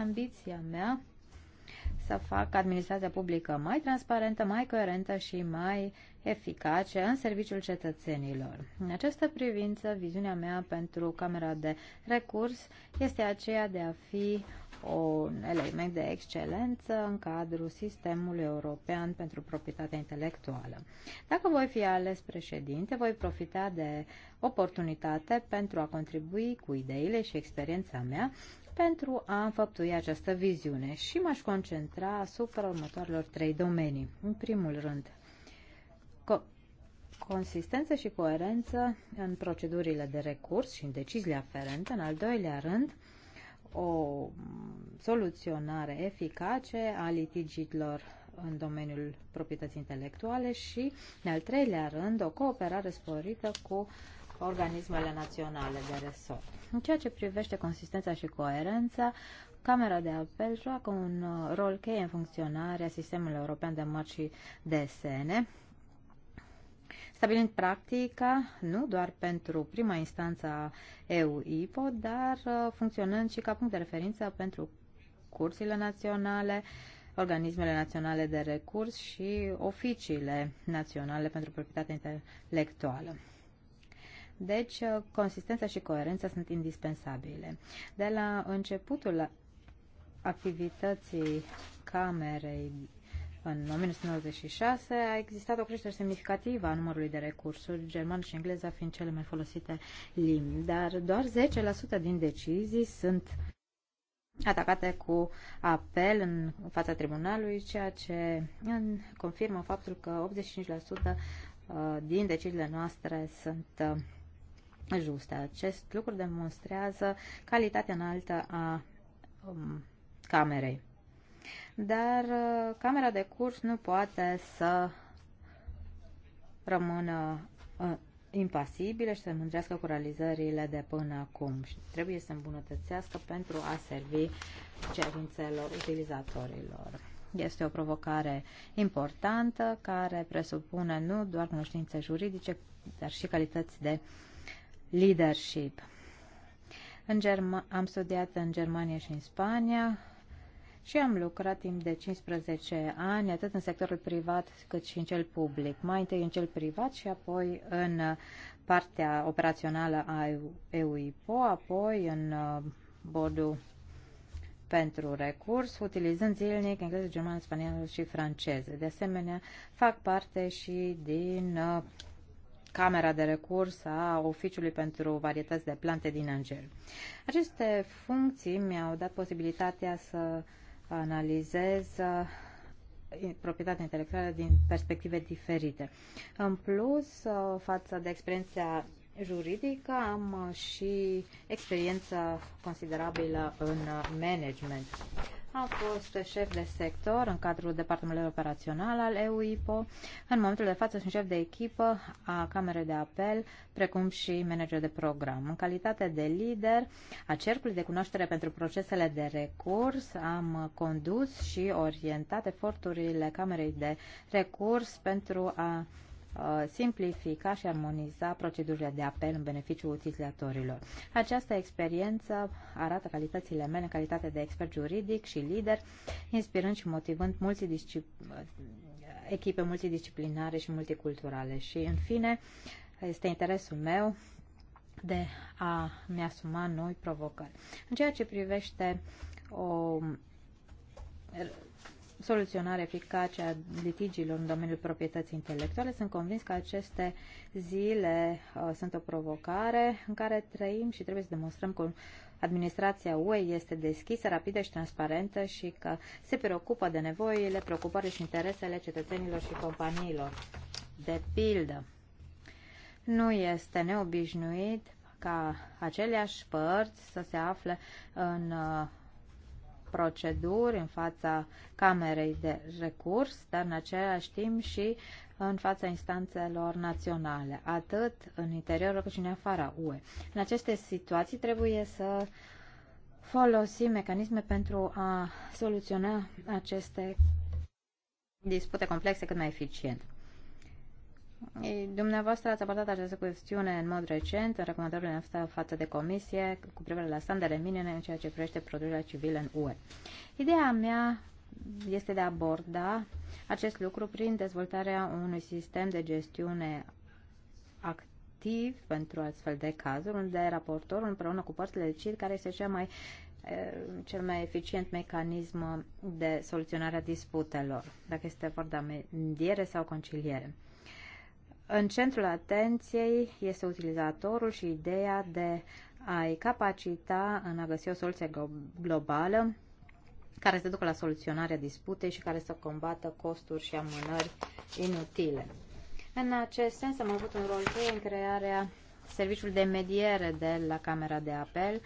ambiția mea să fac administrația publică mai transparentă, mai coerentă și mai eficace în serviciul cetățenilor. În această privință, viziunea mea pentru Camera de Recurs este aceea de a fi un element de excelență în cadrul sistemului european pentru proprietatea intelectuală. Dacă voi fi ales președinte, voi profita de oportunitate pentru a contribui cu ideile și experiența mea pentru a înfăptui această viziune și m-aș concentra asupra următoarelor trei domenii. În primul rând, co- consistență și coerență în procedurile de recurs și în deciziile aferente. În al doilea rând, o soluționare eficace a litigiilor în domeniul proprietății intelectuale și, în al treilea rând, o cooperare sporită cu organismele naționale de resort. În ceea ce privește consistența și coerența, Camera de apel joacă un rol cheie în funcționarea sistemului european de mărci și desene, stabilind practica nu doar pentru prima instanță a EU-IPO, dar uh, funcționând și ca punct de referință pentru cursurile naționale, organismele naționale de recurs și oficiile naționale pentru proprietate intelectuală. Deci, uh, consistența și coerența sunt indispensabile. De la începutul activității Camerei în 1996 a existat o creștere semnificativă a numărului de recursuri, german și engleza fiind cele mai folosite limbi, dar doar 10% din decizii sunt atacate cu apel în fața tribunalului, ceea ce confirmă faptul că 85% uh, din deciziile noastre sunt uh, juste. Acest lucru demonstrează calitatea înaltă a um, camerei dar uh, Camera de Curs nu poate să rămână uh, impasibile și să se mândrească cu realizările de până acum și trebuie să îmbunătățească pentru a servi cerințelor utilizatorilor. Este o provocare importantă care presupune nu doar cunoștințe juridice, dar și calități de leadership. În Germ- am studiat în Germania și în Spania, și am lucrat timp de 15 ani atât în sectorul privat cât și în cel public. Mai întâi în cel privat și apoi în partea operațională a EUIPO, apoi în uh, bordul pentru recurs, utilizând zilnic engleză, germană, spaniolă și franceză. De asemenea, fac parte și din uh, Camera de Recurs a Oficiului pentru Varietăți de Plante din Angel. Aceste funcții mi-au dat posibilitatea să uh, analizez uh, proprietatea intelectuală din perspective diferite. În plus, uh, față de experiența juridică, am uh, și experiență considerabilă în management a fost șef de sector în cadrul Departamentului Operațional al EUIPO. În momentul de față sunt șef de echipă a Camerei de Apel, precum și manager de program. În calitate de lider a Cercului de Cunoaștere pentru Procesele de Recurs, am condus și orientat eforturile Camerei de Recurs pentru a Uh, simplifica și armoniza procedurile de apel în beneficiul utilizatorilor. Această experiență arată calitățile mele în calitate de expert juridic și lider, inspirând și motivând multidiscipl echipe multidisciplinare și multiculturale. Și, în fine, este interesul meu de a mi-asuma noi provocări. În ceea ce privește o soluționare eficace a litigiilor în domeniul proprietății intelectuale. Sunt convins că aceste zile uh, sunt o provocare în care trăim și trebuie să demonstrăm cum administrația UE este deschisă, rapidă și transparentă și că se preocupă de nevoile, preocupările și interesele cetățenilor și companiilor. De pildă, nu este neobișnuit ca aceleași părți să se afle în uh, proceduri în fața Camerei de Recurs, dar în același timp și în fața instanțelor naționale, atât în interiorul cât și în afara UE. În aceste situații trebuie să folosim mecanisme pentru a soluționa aceste dispute complexe cât mai eficient. Dumneavoastră ați abordat această chestiune în mod recent, în recomandările noastre față de comisie cu privire la standarde minime în ceea ce privește produsele civile în UE. Ideea mea este de a aborda acest lucru prin dezvoltarea unui sistem de gestiune activ pentru astfel de cazuri, unde raportorul împreună cu părțile decid care este cea mai, cel mai eficient mecanism de soluționare a disputelor, dacă este vorba de mediere sau conciliere. În centrul atenției este utilizatorul și ideea de a-i capacita în a găsi o soluție globală care să ducă la soluționarea disputei și care să combată costuri și amânări inutile. În acest sens am avut un rol cheie în crearea serviciului de mediere de la Camera de Apel,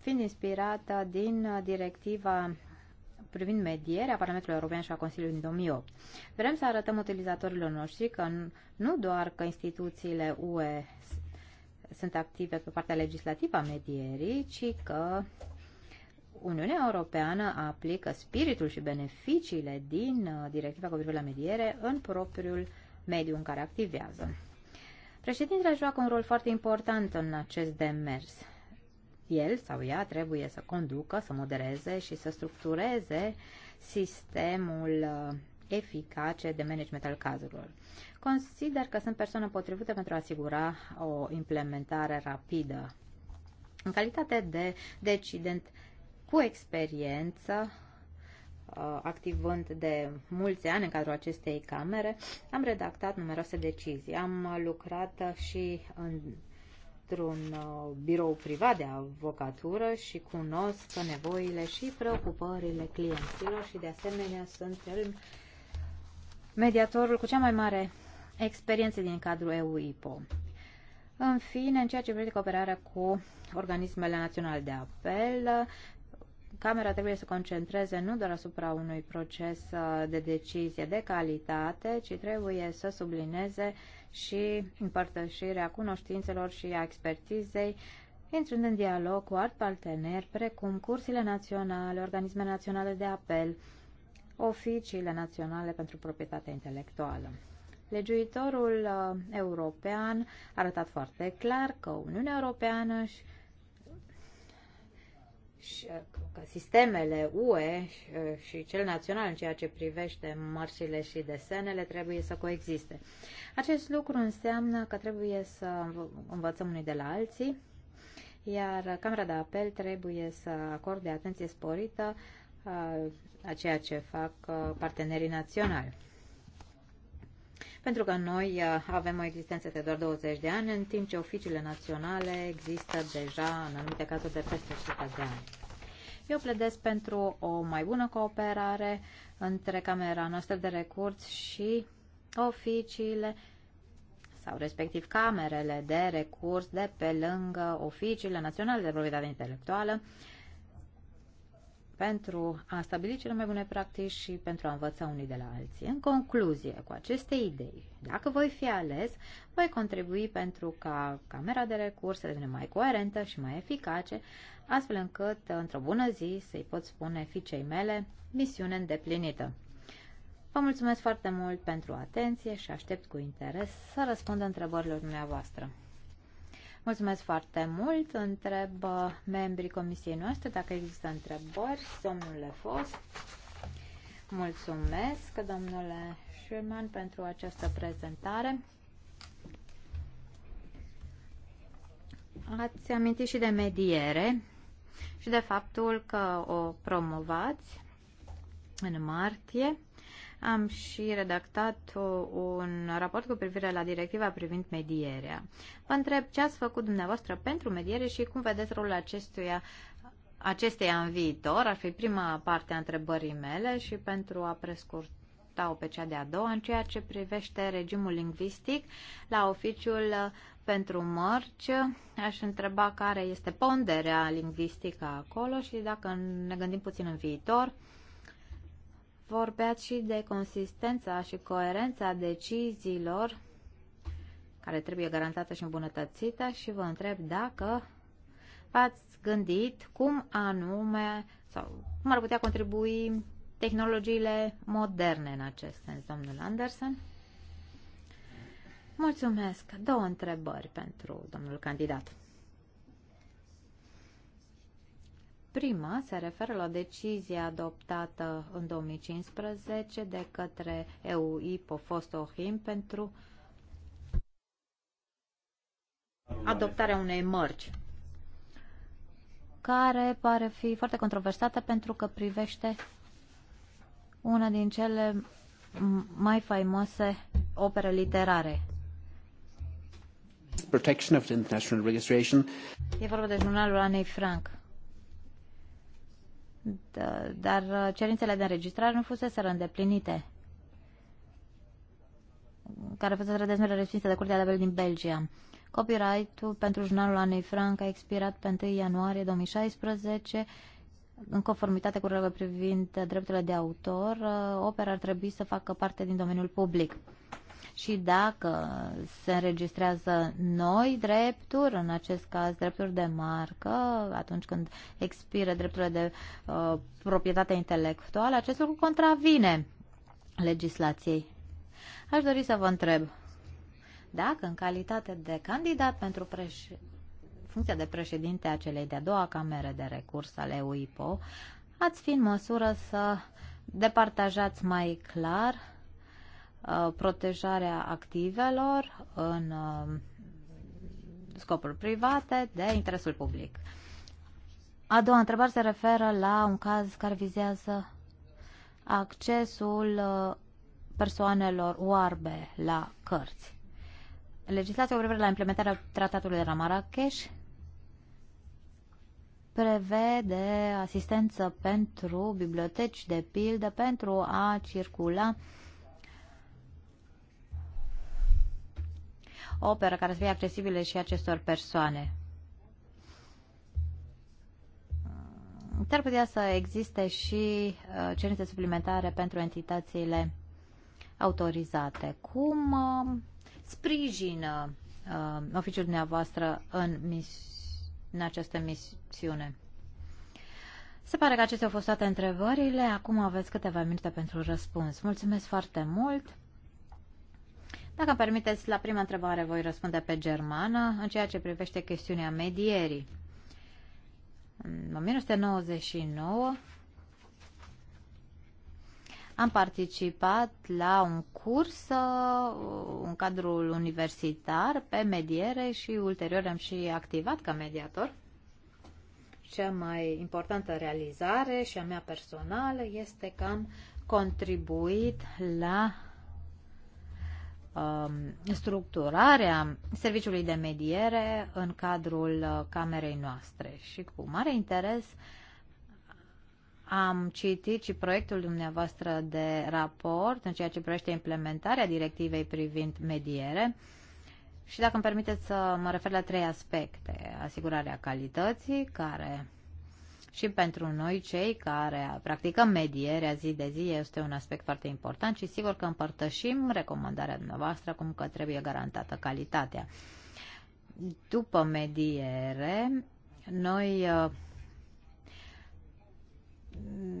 fiind inspirată din directiva privind medierea Parlamentului European și a Consiliului din 2008. Vrem să arătăm utilizatorilor noștri că nu doar că instituțiile UE sunt active pe partea legislativă a medierii, ci că Uniunea Europeană aplică spiritul și beneficiile din uh, directiva cu privire la mediere în propriul mediu în care activează. Președintele joacă un rol foarte important în acest demers el sau ea trebuie să conducă, să modereze și să structureze sistemul uh, eficace de management al cazurilor. Consider că sunt persoană potrivită pentru a asigura o implementare rapidă. În calitate de decident cu experiență, uh, activând de mulți ani în cadrul acestei camere, am redactat numeroase decizii. Am lucrat și în într-un uh, birou privat de avocatură și cunosc nevoile și preocupările clienților și de asemenea sunt el mediatorul cu cea mai mare experiență din cadrul EUIPO. În fine, în ceea ce privește cooperarea cu organismele naționale de apel, Camera trebuie să concentreze nu doar asupra unui proces uh, de decizie de calitate, ci trebuie să sublineze și împărtășirea cunoștințelor și a expertizei, intrând în dialog cu alt parteneri, precum cursurile naționale, organisme naționale de apel, oficiile naționale pentru proprietatea intelectuală. Legiuitorul uh, european a arătat foarte clar că Uniunea Europeană și și uh, că sistemele UE uh, și cel național în ceea ce privește mărcile și desenele trebuie să coexiste. Acest lucru înseamnă că trebuie să învățăm unii de la alții, iar Camera de Apel trebuie să acorde atenție sporită uh, a ceea ce fac partenerii naționali pentru că noi uh, avem o existență de doar 20 de ani, în timp ce oficiile naționale există deja în anumite cazuri de peste 100 de ani. Eu pledez pentru o mai bună cooperare între Camera noastră de recurs și oficiile sau respectiv camerele de recurs de pe lângă oficiile naționale de proprietate intelectuală, pentru a stabili cele mai bune practici și pentru a învăța unii de la alții. În concluzie, cu aceste idei, dacă voi fi ales, voi contribui pentru ca camera de recurs să devină mai coerentă și mai eficace, astfel încât, într-o bună zi, să-i pot spune fiicei mele, misiune îndeplinită. Vă mulțumesc foarte mult pentru atenție și aștept cu interes să răspund întrebărilor dumneavoastră. Mulțumesc foarte mult. Întreb uh, membrii comisiei noastre dacă există întrebări. Domnule Fost. Mulțumesc, domnule Schulman, pentru această prezentare. Ați amintit și de mediere și de faptul că o promovați în martie am și redactat un raport cu privire la directiva privind medierea. Vă întreb ce ați făcut dumneavoastră pentru mediere și cum vedeți rolul acestuia acesteia în viitor, ar fi prima parte a întrebării mele și pentru a prescurta-o pe cea de-a doua, în ceea ce privește regimul lingvistic la oficiul uh, pentru mărci, aș întreba care este ponderea lingvistică acolo și dacă ne gândim puțin în viitor, vorbeați și de consistența și coerența deciziilor care trebuie garantată și îmbunătățită și vă întreb dacă v-ați gândit cum anume sau cum ar putea contribui tehnologiile moderne în acest sens, domnul Anderson? Mulțumesc. Două întrebări pentru domnul candidat. Prima se referă la decizia adoptată în 2015 de către EUI, fost OHIM pentru adoptarea unei mărci care pare fi foarte controversată pentru că privește una din cele mai faimoase opere literare. Protection of the international registration. E vorba de jurnalul Anei Frank. Da, dar uh, cerințele de înregistrare nu fuseseră îndeplinite care fusese dezmere respinsă de Curtea de Apel din Belgia. Copyright-ul pentru jurnalul Anei Frank a expirat pe 1 ianuarie 2016. În conformitate cu regulile privind drepturile de autor, uh, opera ar trebui să facă parte din domeniul public și dacă se înregistrează noi drepturi, în acest caz drepturi de marcă, atunci când expiră drepturile de uh, proprietate intelectuală, acest lucru contravine legislației. Aș dori să vă întreb dacă în calitate de candidat pentru preș- funcția de președinte a celei de-a doua camere de recurs ale UIPO, ați fi în măsură să departajați mai clar Uh, protejarea activelor în uh, scopuri private de interesul public. A doua întrebare se referă la un caz care vizează accesul uh, persoanelor oarbe la cărți. Legislația cu privire la implementarea tratatului de la Marrakesh prevede asistență pentru biblioteci, de pildă, pentru a circula uh, operă care să fie accesibile și acestor persoane. Ar putea să existe și uh, cerințe suplimentare pentru entitățile autorizate. Cum uh, sprijină uh, oficiul dumneavoastră în, mis- în această misiune? Se pare că acestea au fost toate întrebările. Acum aveți câteva minute pentru răspuns. Mulțumesc foarte mult! Dacă îmi permiteți, la prima întrebare voi răspunde pe germană în ceea ce privește chestiunea medierii. În 1999 am participat la un curs în uh, cadrul universitar pe mediere și ulterior am și activat ca mediator. Cea mai importantă realizare și a mea personală este că am contribuit la Um, structurarea serviciului de mediere în cadrul uh, camerei noastre și cu mare interes am citit și proiectul dumneavoastră de raport în ceea ce privește implementarea directivei privind mediere și dacă îmi permiteți să mă refer la trei aspecte. Asigurarea calității, care și pentru noi, cei care practicăm medierea zi de zi, este un aspect foarte important și sigur că împărtășim recomandarea dumneavoastră cum că trebuie garantată calitatea. După mediere, noi uh,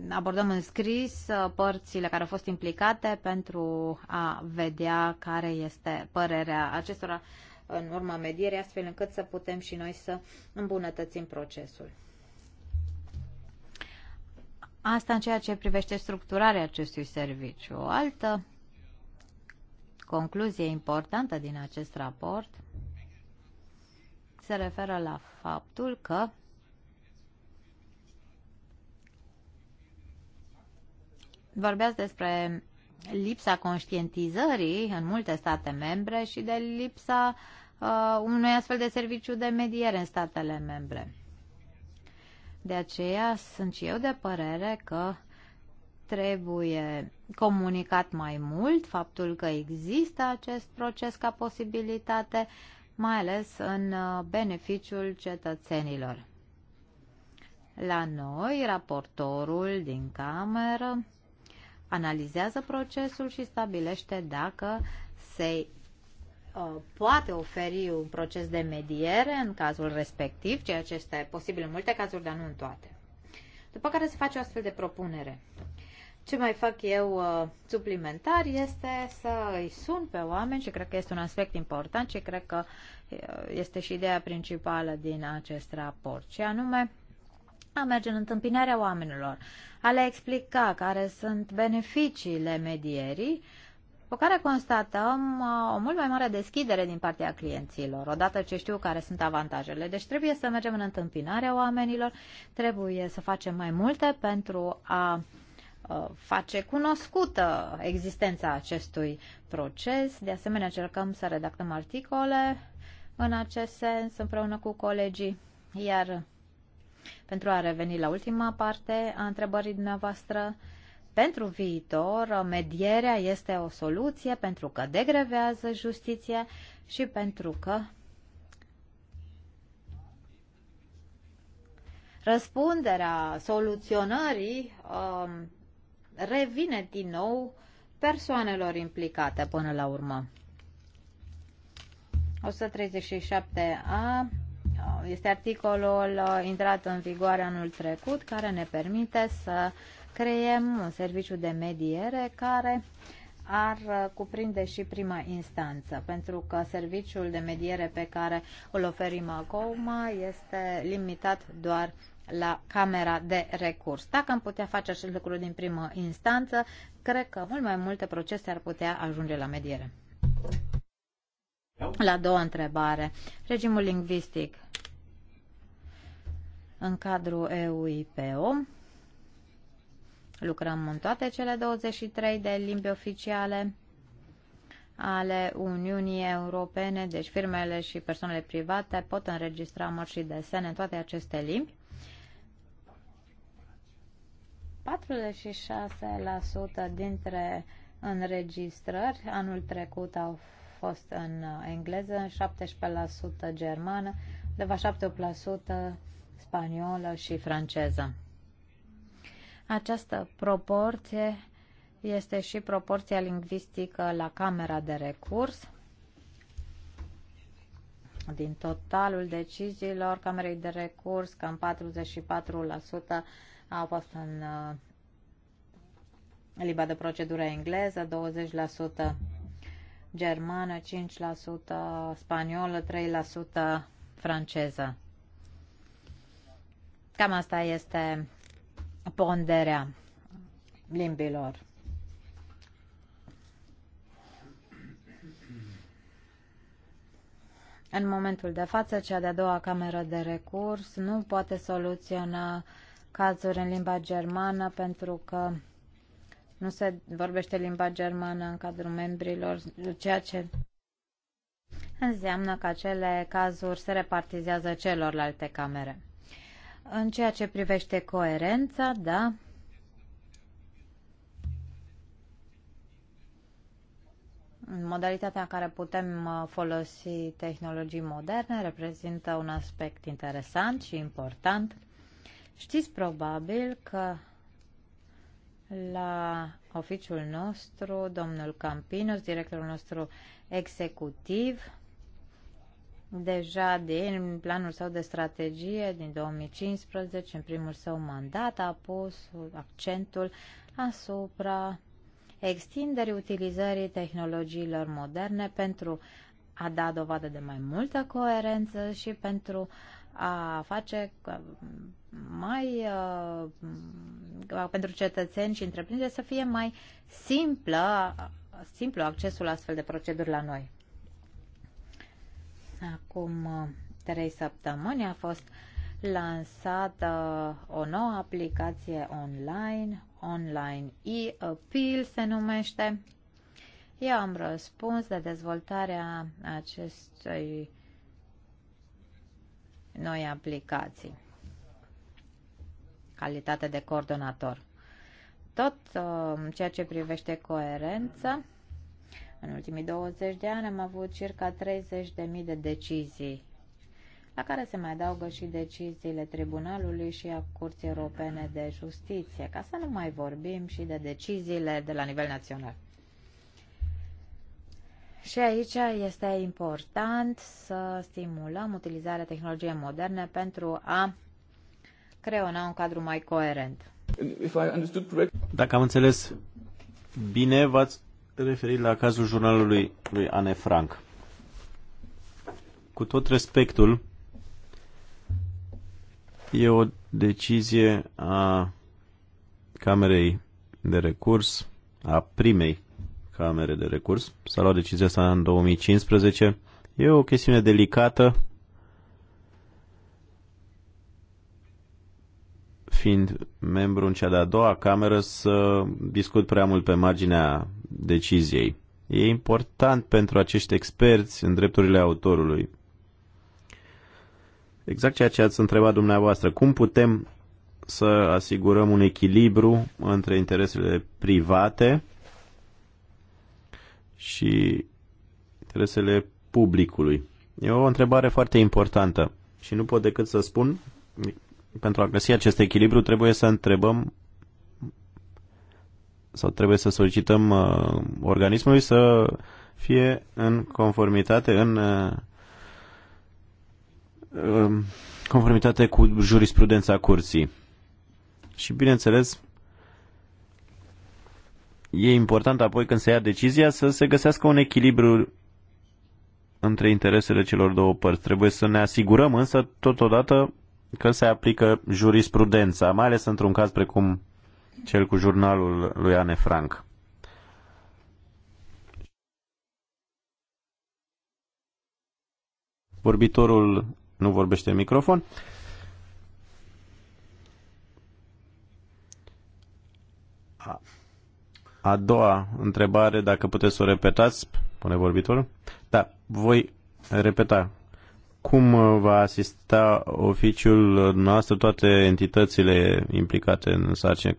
abordăm în scris uh, părțile care au fost implicate pentru a vedea care este părerea acestora în urma medierii, astfel încât să putem și noi să îmbunătățim procesul. Asta în ceea ce privește structurarea acestui serviciu. O altă concluzie importantă din acest raport se referă la faptul că vorbeați despre lipsa conștientizării în multe state membre și de lipsa uh, unui astfel de serviciu de mediere în statele membre. De aceea sunt și eu de părere că trebuie comunicat mai mult faptul că există acest proces ca posibilitate, mai ales în uh, beneficiul cetățenilor. La noi, raportorul din cameră analizează procesul și stabilește dacă se Uh, poate oferi un proces de mediere în cazul respectiv, ceea ce este posibil în multe cazuri, dar nu în toate. După care se face o astfel de propunere. Ce mai fac eu uh, suplimentar este să îi sun pe oameni și cred că este un aspect important și cred că uh, este și ideea principală din acest raport, și anume a merge în întâmpinarea oamenilor, a le explica care sunt beneficiile medierii, uh, după care constatăm uh, o mult mai mare deschidere din partea clienților, odată ce știu care sunt avantajele. Deci trebuie să mergem în întâmpinarea oamenilor, trebuie să facem mai multe pentru a uh, face cunoscută existența acestui proces. De asemenea, încercăm să redactăm articole în acest sens împreună cu colegii, iar pentru a reveni la ultima parte a întrebării dumneavoastră, pentru viitor medierea este o soluție pentru că degrevează justiția și pentru că răspunderea soluționării um, revine din nou persoanelor implicate până la urmă. 137a este articolul uh, intrat în vigoare anul trecut care ne permite să creăm un serviciu de mediere care ar cuprinde și prima instanță, pentru că serviciul de mediere pe care îl oferim acum este limitat doar la Camera de Recurs. Dacă am putea face acest lucru din primă instanță, cred că mult mai multe procese ar putea ajunge la mediere. La a doua întrebare, regimul lingvistic în cadrul EUIPO Lucrăm în toate cele 23 de limbi oficiale ale Uniunii Europene, deci firmele și persoanele private pot înregistra mărci și desene în toate aceste limbi. 46% dintre înregistrări anul trecut au fost în engleză, 17% germană, undeva 7% spaniolă și franceză. Această proporție este și proporția lingvistică la Camera de Recurs. Din totalul deciziilor Camerei de Recurs, cam 44% au fost în uh, limba de procedură engleză, 20% germană, 5% spaniolă, 3% franceză. Cam asta este ponderea limbilor. În momentul de față, cea de-a doua cameră de recurs nu poate soluționa cazuri în limba germană pentru că nu se vorbește limba germană în cadrul membrilor, ceea ce înseamnă că acele cazuri se repartizează celorlalte camere. În ceea ce privește coerența, da, în modalitatea în care putem uh, folosi tehnologii moderne reprezintă un aspect interesant și important. Știți probabil că la oficiul nostru, domnul Campinos, directorul nostru executiv, deja din planul său de strategie din 2015, în primul său mandat, a pus accentul asupra extinderii utilizării tehnologiilor moderne pentru a da dovadă de mai multă coerență și pentru a face mai uh, pentru cetățeni și întreprinderi să fie mai simplă, simplu accesul astfel de proceduri la noi. Acum uh, trei săptămâni a fost lansată uh, o nouă aplicație online, Online e-Appeal se numește. Eu am răspuns de dezvoltarea acestei noi aplicații, calitate de coordonator. Tot uh, ceea ce privește coerență, în ultimii 20 de ani am avut circa 30.000 de decizii, la care se mai adaugă și deciziile Tribunalului și a Curții Europene de Justiție, ca să nu mai vorbim și de deciziile de la nivel național. Și aici este important să stimulăm utilizarea tehnologiei moderne pentru a creona un cadru mai coerent. Dacă am înțeles bine, v-ați referi la cazul jurnalului lui Anne Frank. Cu tot respectul, e o decizie a Camerei de Recurs, a primei Camere de Recurs. S-a luat decizia asta în 2015. E o chestiune delicată, fiind membru în cea de-a doua cameră, să discut prea mult pe marginea deciziei. E important pentru acești experți în drepturile autorului. Exact ceea ce ați întrebat dumneavoastră. Cum putem să asigurăm un echilibru între interesele private și interesele publicului? E o întrebare foarte importantă și nu pot decât să spun, pentru a găsi acest echilibru trebuie să întrebăm sau trebuie să solicităm uh, organismului să fie în conformitate în uh, um, conformitate cu jurisprudența curții. Și bineînțeles, e important apoi când se ia decizia să se găsească un echilibru între interesele celor două părți. Trebuie să ne asigurăm însă totodată că se aplică jurisprudența, mai ales într-un caz precum cel cu jurnalul lui Anne Frank. Vorbitorul nu vorbește în microfon. A, doua întrebare, dacă puteți să o repetați, pune vorbitorul. Da, voi repeta. Cum va asista oficiul noastră toate entitățile implicate în sarcină?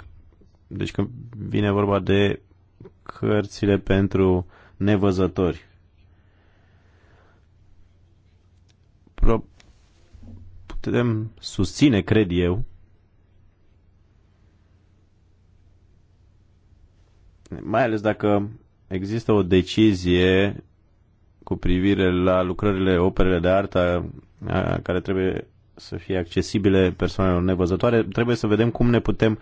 Deci când vine vorba de cărțile pentru nevăzători. Pro- putem susține, cred eu, mai ales dacă există o decizie cu privire la lucrările, operele de artă care trebuie să fie accesibile persoanelor nevăzătoare, trebuie să vedem cum ne putem uh,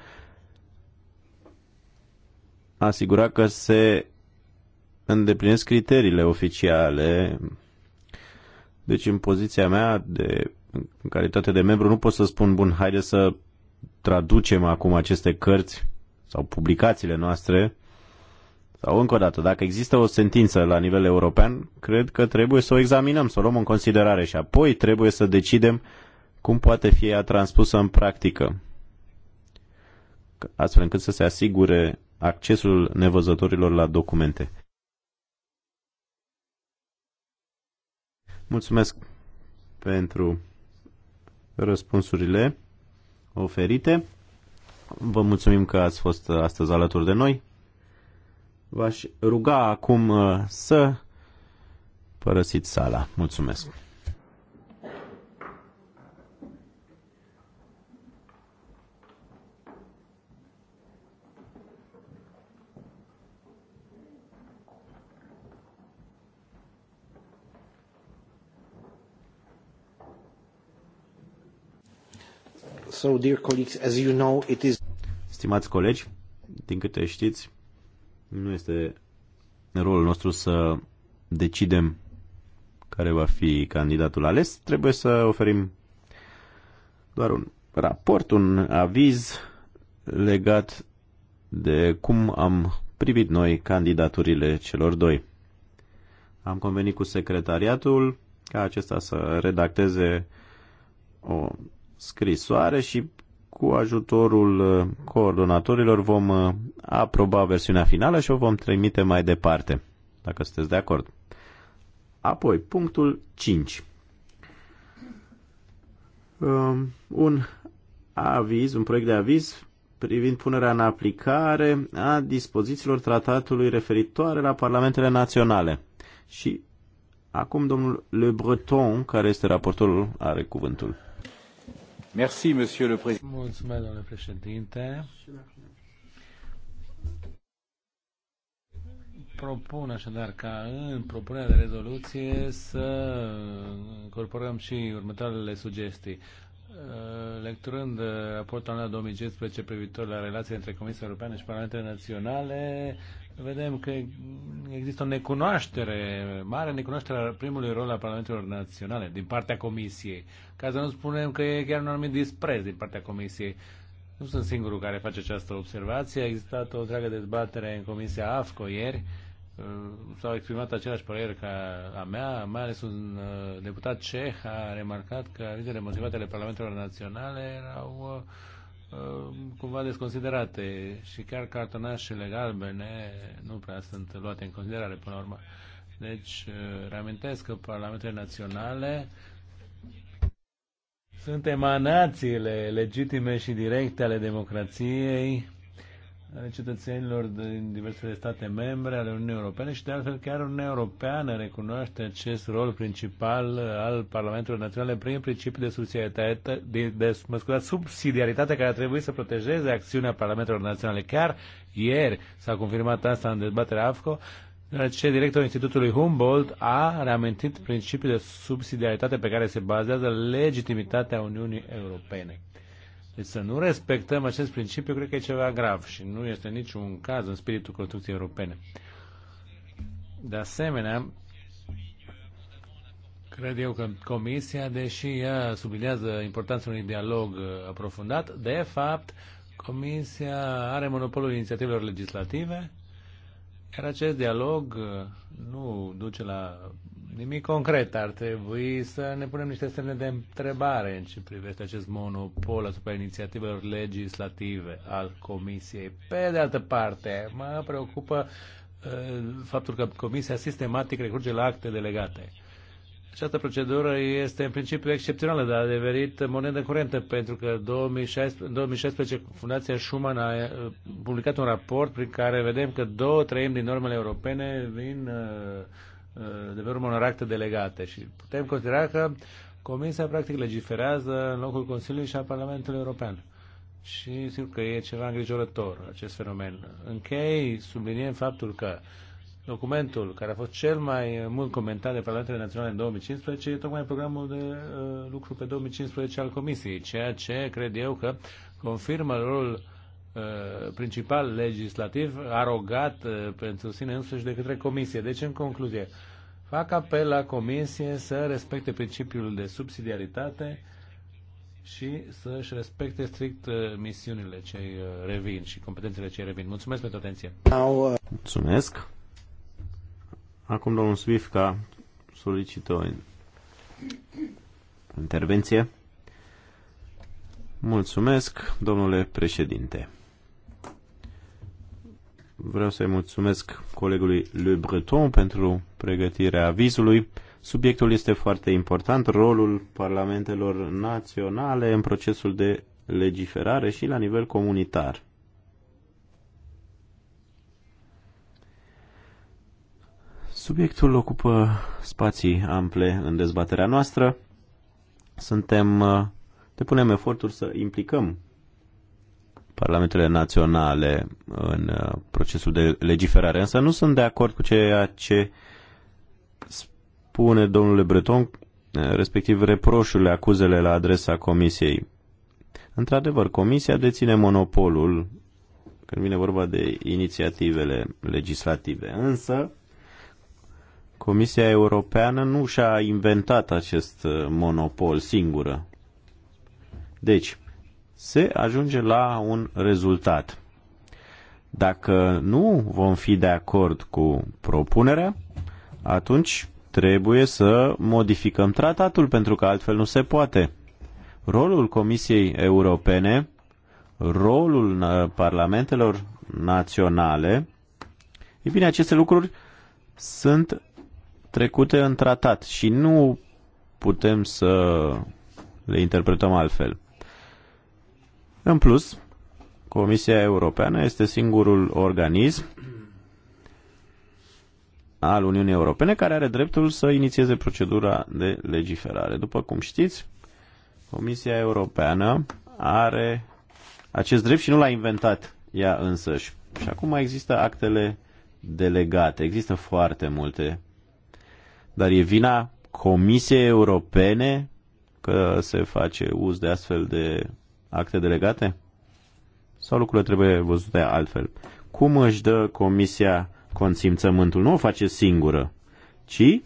asigura că se îndeplinesc criteriile oficiale. Deci în poziția mea de în calitate de membru nu pot să spun, bun, haide să traducem acum aceste cărți sau publicațiile noastre sau încă o dată, dacă există o sentință la nivel european, cred că trebuie să o examinăm, să o luăm în considerare și apoi trebuie să decidem cum poate fi ea transpusă în practică, astfel încât să se asigure accesul nevăzătorilor la documente. Mulțumesc pentru răspunsurile oferite. Vă mulțumim că ați fost astăzi alături de noi. V-aș ruga acum uh, să părăsiți sala. Mulțumesc! So, dear colleagues, as you know, it is... Stimați colegi, din câte știți, nu este rolul nostru să decidem care va fi candidatul ales. Trebuie să oferim doar un raport, un aviz legat de cum am privit noi candidaturile celor doi. Am convenit cu secretariatul ca acesta să redacteze o scrisoare și cu ajutorul uh, coordonatorilor vom uh, aproba versiunea finală și o vom trimite mai departe, dacă sunteți de acord. Apoi, punctul 5. Um, un aviz, un proiect de aviz privind punerea în aplicare a dispozițiilor tratatului referitoare la parlamentele naționale. Și acum domnul Le Breton, care este raportorul, are cuvântul. Mulțumesc, domnule președinte. propun așadar ca în propunerea de rezoluție să incorporăm și următoarele sugestii. Uh, lecturând uh, raportul anului 2015 privitor la relația între Comisia Europeană și Parlamentele Naționale, vedem că există o necunoaștere, mare necunoaștere a primului rol al Parlamentelor Naționale din partea Comisiei. Ca să nu spunem că e chiar un anumit dispreț din partea Comisiei. Nu sunt singurul care face această observație. A existat o întreagă dezbatere în Comisia AFCO ieri, uh, Uh, s-au exprimat aceleași păreri ca a mea, mai ales un uh, deputat ceh a remarcat că avizele motivate ale Parlamentelor Naționale erau uh, cumva desconsiderate și chiar cartonașele galbene nu prea sunt luate în considerare până la urmă. Deci, reamintesc că Parlamentele Naționale sunt emanațiile legitime și directe ale democrației ale cetățenilor din diversele state membre ale Uniunii Europene și de altfel chiar Uniunea Europeană recunoaște acest rol principal al Parlamentului Naționale prin principiul de subsidiaritate, de, de mă scuzați, subsidiaritate care a trebuit să protejeze acțiunea Parlamentului Naționale. Chiar ieri s-a confirmat asta în dezbaterea AFCO, ce directorul Institutului Humboldt a reamintit principiul de subsidiaritate pe care se bazează legitimitatea Uniunii Europene. Deci să nu respectăm acest principiu, cred că e ceva grav și nu este niciun caz în spiritul construcției europene. De asemenea, Cred eu că Comisia, deși ea sublinează importanța unui dialog aprofundat, de fapt, Comisia are monopolul inițiativelor legislative, iar acest dialog nu duce la nimic concret. Ar trebui să ne punem niște semne de întrebare în ce privește acest monopol asupra inițiativelor legislative al Comisiei. Pe de altă parte, mă preocupă uh, faptul că Comisia sistematic recurge la acte delegate. Această procedură este în principiu excepțională, dar a devenit monedă curentă, pentru că în 2016, 2016 Fundația Schuman a uh, publicat un raport prin care vedem că două treimi din normele europene vin uh, Uh, de pe urmă unor acte delegate și putem considera că Comisia practic legiferează în locul Consiliului și a Parlamentului European. Și sigur că e ceva îngrijorător acest fenomen. Închei subliniem faptul că documentul care a fost cel mai mult comentat de Parlamentele Naționale în 2015 e tocmai programul de uh, lucru pe 2015 al Comisiei, ceea ce cred eu că confirmă rolul uh, principal legislativ arogat uh, pentru sine însuși de către Comisie. Deci, în concluzie, uh, fac apel la Comisie să respecte principiul de subsidiaritate și să-și respecte strict uh, misiunile ce uh, revin și competențele ce revin. Mulțumesc pentru atenție. Uh, Mulțumesc. Acum domnul Swifka solicită o intervenție. Mulțumesc, domnule președinte. Vreau să-i mulțumesc colegului Le Breton pentru pregătirea avizului. Subiectul este foarte important, rolul parlamentelor naționale în procesul de legiferare și la nivel comunitar. Subiectul ocupă spații ample în dezbaterea noastră. Suntem, uh, depunem eforturi să implicăm parlamentele naționale în uh, procesul de legiferare, însă nu sunt de acord cu ceea ce spune domnule Breton, uh, respectiv reproșurile, acuzele la adresa comisiei. Într-adevăr, comisia deține monopolul când vine vorba de inițiativele legislative, însă Comisia Europeană nu și-a inventat acest uh, monopol singură. Deci, se ajunge la un rezultat. Dacă nu vom fi de acord cu propunerea, atunci trebuie să modificăm tratatul, pentru că altfel nu se poate. Rolul Comisiei Europene, rolul uh, parlamentelor naționale, e bine, aceste lucruri sunt trecute în tratat și nu putem să le interpretăm altfel. În plus, Comisia Europeană este singurul organism al Uniunii Europene care are dreptul să inițieze procedura de legiferare. După cum știți, Comisia Europeană are acest drept și nu l-a inventat ea însăși. Și acum există actele delegate, există foarte multe. Dar e vina Comisiei Europene că se face uz de astfel de acte delegate? Sau lucrurile trebuie văzute altfel? Cum își dă comisia consimțământul? Nu o face singură, ci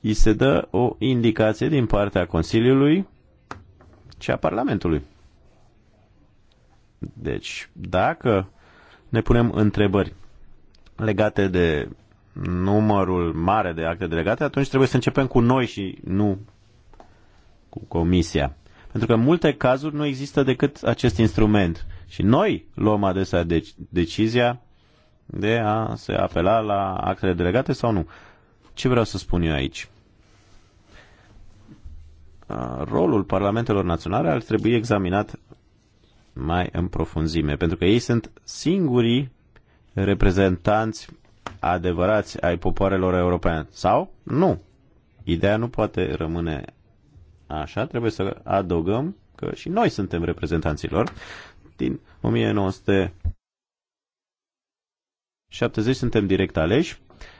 îi se dă o indicație din partea Consiliului și a Parlamentului. Deci, dacă ne punem întrebări legate de numărul mare de acte delegate, atunci trebuie să începem cu noi și nu cu Comisia. Pentru că în multe cazuri nu există decât acest instrument. Și noi luăm adesea de- deci, decizia de a se apela la actele delegate sau nu. Ce vreau să spun eu aici? Rolul parlamentelor naționale ar trebui examinat mai în profunzime, pentru că ei sunt singurii reprezentanți adevărați ai popoarelor europene. Sau? Nu. Ideea nu poate rămâne Așa, trebuie să adăugăm că și noi suntem reprezentanților. Din 1970 suntem direct aleși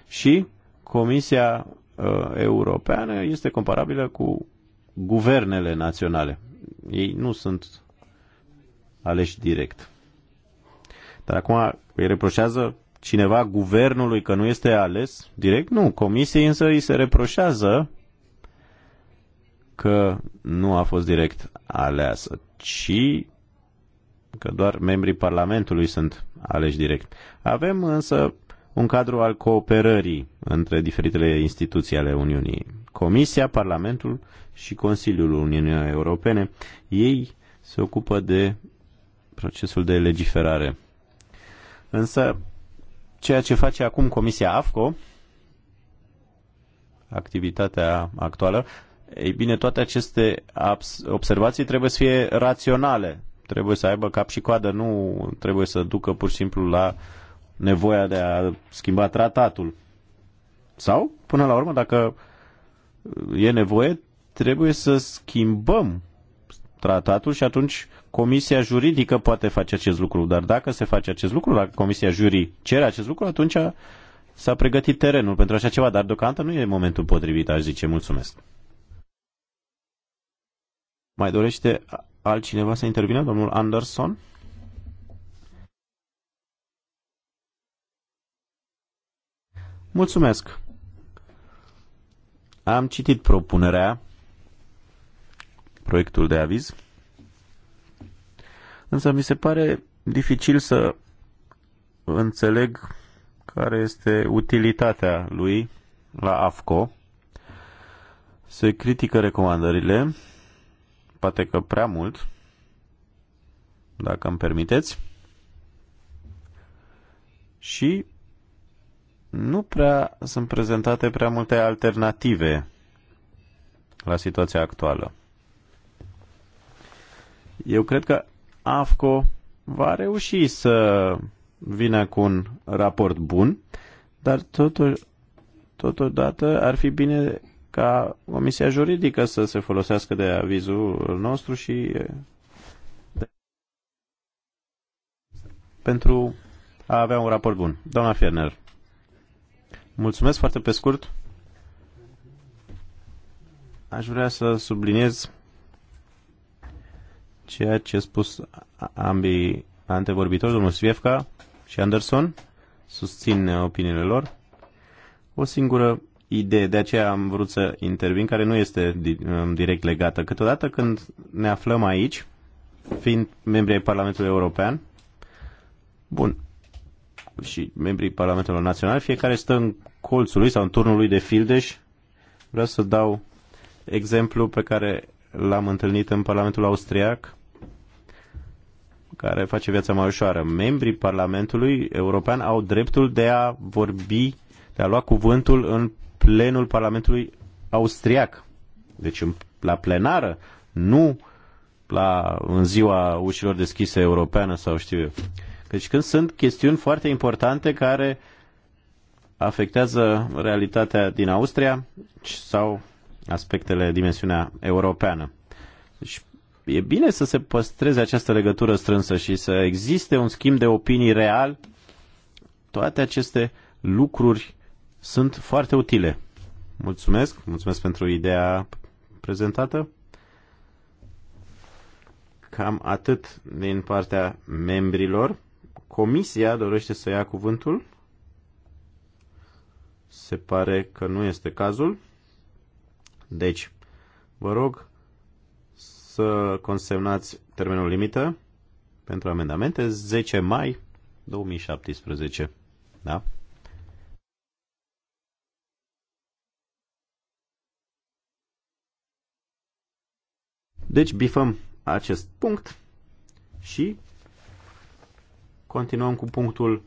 și Comisia uh, Europeană este comparabilă cu guvernele naționale. Ei nu sunt aleși direct. Dar acum îi reproșează cineva guvernului că nu este ales direct? Nu. Comisiei însă îi se reproșează că nu a fost direct aleasă, ci că doar membrii Parlamentului sunt aleși direct. Avem însă un cadru al cooperării între diferitele instituții ale Uniunii. Comisia, Parlamentul și Consiliul Uniunii Europene, ei se ocupă de procesul de legiferare. Însă, ceea ce face acum Comisia AFCO, activitatea actuală, ei bine, toate aceste observații trebuie să fie raționale, trebuie să aibă cap și coadă, nu trebuie să ducă pur și simplu la nevoia de a schimba tratatul. Sau, până la urmă, dacă e nevoie, trebuie să schimbăm tratatul și atunci comisia juridică poate face acest lucru. Dar dacă se face acest lucru, dacă comisia jurii cere acest lucru, atunci s-a pregătit terenul pentru așa ceva. Dar deocamdată nu e momentul potrivit, aș zice. Mulțumesc. Mai dorește altcineva să intervină? Domnul Anderson? Mulțumesc. Am citit propunerea, proiectul de aviz, însă mi se pare dificil să înțeleg care este utilitatea lui la AFCO. Se critică recomandările poate că prea mult, dacă îmi permiteți, și nu prea sunt prezentate prea multe alternative la situația actuală. Eu cred că AFCO va reuși să vină cu un raport bun, dar totul, totodată ar fi bine ca Comisia Juridică să se folosească de avizul nostru și pentru a avea un raport bun. Doamna Fierner, mulțumesc foarte pe scurt. Aș vrea să subliniez ceea ce a spus ambii antevorbitori, domnul Sviefka și Anderson, susțin opiniile lor. O singură idee, de aceea am vrut să intervin, care nu este um, direct legată. Câteodată când ne aflăm aici, fiind membri ai Parlamentului European, bun, și membrii Parlamentului Național, fiecare stă în colțul lui sau în turnul lui de fildeș. Vreau să dau exemplu pe care l-am întâlnit în Parlamentul Austriac, care face viața mai ușoară. Membrii Parlamentului European au dreptul de a vorbi, de a lua cuvântul în plenul Parlamentului austriac. Deci la plenară, nu la, în ziua ușilor deschise europeană sau știu eu. Deci când sunt chestiuni foarte importante care afectează realitatea din Austria sau aspectele, dimensiunea europeană. Deci e bine să se păstreze această legătură strânsă și să existe un schimb de opinii real. Toate aceste lucruri sunt foarte utile. Mulțumesc, mulțumesc pentru ideea prezentată. Cam atât din partea membrilor. Comisia dorește să ia cuvântul. Se pare că nu este cazul. Deci, vă rog să consemnați termenul limită pentru amendamente 10 mai 2017. Da? Deci bifăm acest punct și continuăm cu punctul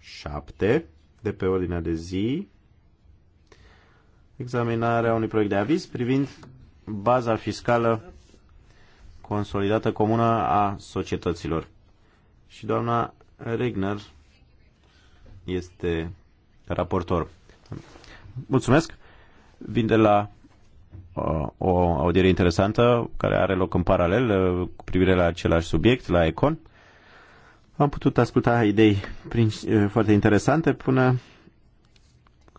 7 de pe ordinea de zi. Examinarea unui proiect de aviz privind baza fiscală consolidată comună a societăților. Și doamna Regner este raportor. Mulțumesc! Vin de la o audiere interesantă care are loc în paralel uh, cu privire la același subiect, la Econ. Am putut asculta idei uh, foarte interesante până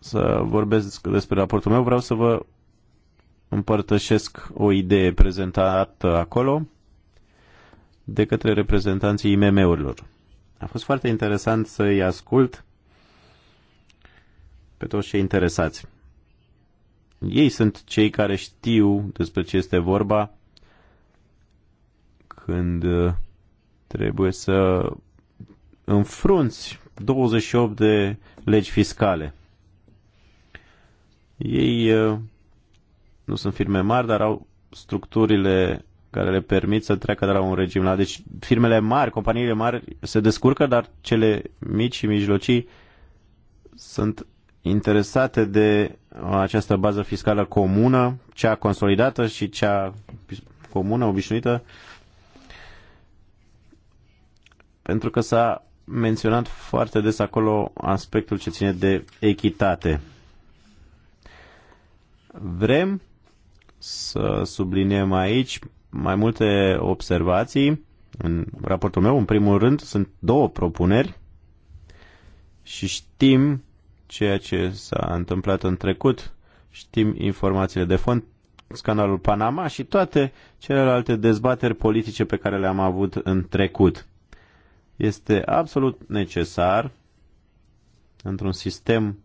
să vorbesc despre raportul meu. Vreau să vă împărtășesc o idee prezentată acolo de către reprezentanții IMM-urilor. A fost foarte interesant să-i ascult pe toți cei interesați. Ei sunt cei care știu despre ce este vorba când uh, trebuie să înfrunți 28 de legi fiscale. Ei uh, nu sunt firme mari, dar au structurile care le permit să treacă de la un regim la. Deci firmele mari, companiile mari se descurcă, dar cele mici și mijlocii sunt interesate de această bază fiscală comună, cea consolidată și cea comună, obișnuită, pentru că s-a menționat foarte des acolo aspectul ce ține de echitate. Vrem să subliniem aici mai multe observații. În raportul meu, în primul rând, sunt două propuneri și știm ceea ce s-a întâmplat în trecut, știm informațiile de fond, scandalul Panama și toate celelalte dezbateri politice pe care le-am avut în trecut. Este absolut necesar într-un sistem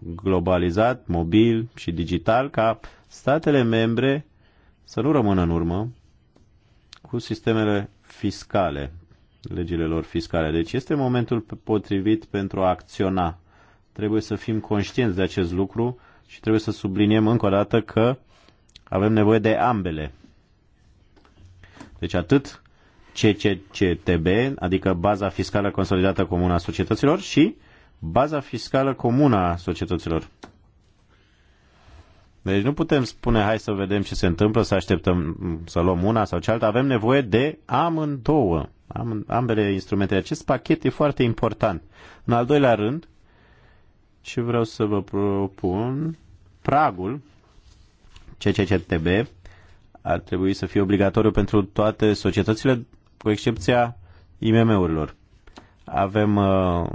globalizat, mobil și digital ca statele membre să nu rămână în urmă cu sistemele fiscale, legile lor fiscale. Deci este momentul potrivit pentru a acționa Trebuie să fim conștienți de acest lucru și trebuie să subliniem încă o dată că avem nevoie de ambele. Deci atât CCCTB, adică baza fiscală consolidată comună a societăților și baza fiscală comună a societăților. Deci nu putem spune hai să vedem ce se întâmplă, să așteptăm să luăm una sau cealaltă. Avem nevoie de amândouă, ambele instrumente. Acest pachet e foarte important. În al doilea rând, și vreau să vă propun pragul CCCTB ar trebui să fie obligatoriu pentru toate societățile, cu excepția IMM-urilor. Avem uh,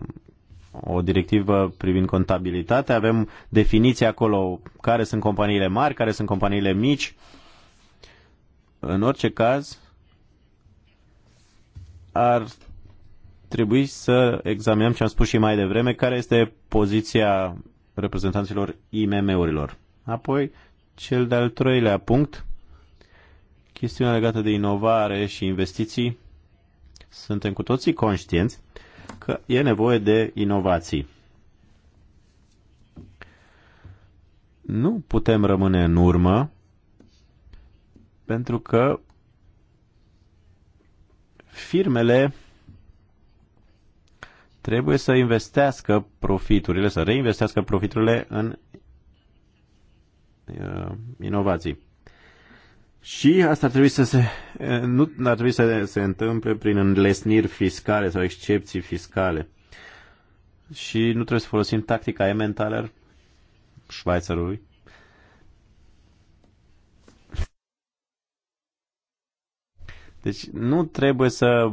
o directivă privind contabilitate. avem definiții acolo care sunt companiile mari, care sunt companiile mici. În orice caz, ar trebui să examinăm ce am spus și mai devreme, care este poziția reprezentanților IMM-urilor. Apoi, cel de-al treilea punct, chestiunea legată de inovare și investiții. Suntem cu toții conștienți că e nevoie de inovații. Nu putem rămâne în urmă pentru că firmele trebuie să investească profiturile, să reinvestească profiturile în uh, inovații. Și asta ar trebui să se, uh, nu ar trebui să se întâmple prin înlesniri fiscale sau excepții fiscale. Și nu trebuie să folosim tactica Ementaler, Schweizerului, Deci nu trebuie să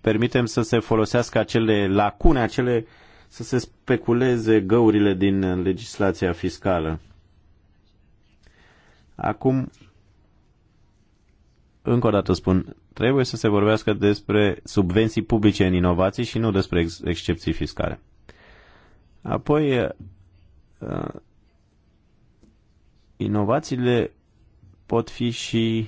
permitem să se folosească acele lacune, acele să se speculeze găurile din legislația fiscală. Acum, încă o dată spun, trebuie să se vorbească despre subvenții publice în inovații și nu despre ex- excepții fiscale. Apoi, eh, inovațiile pot fi și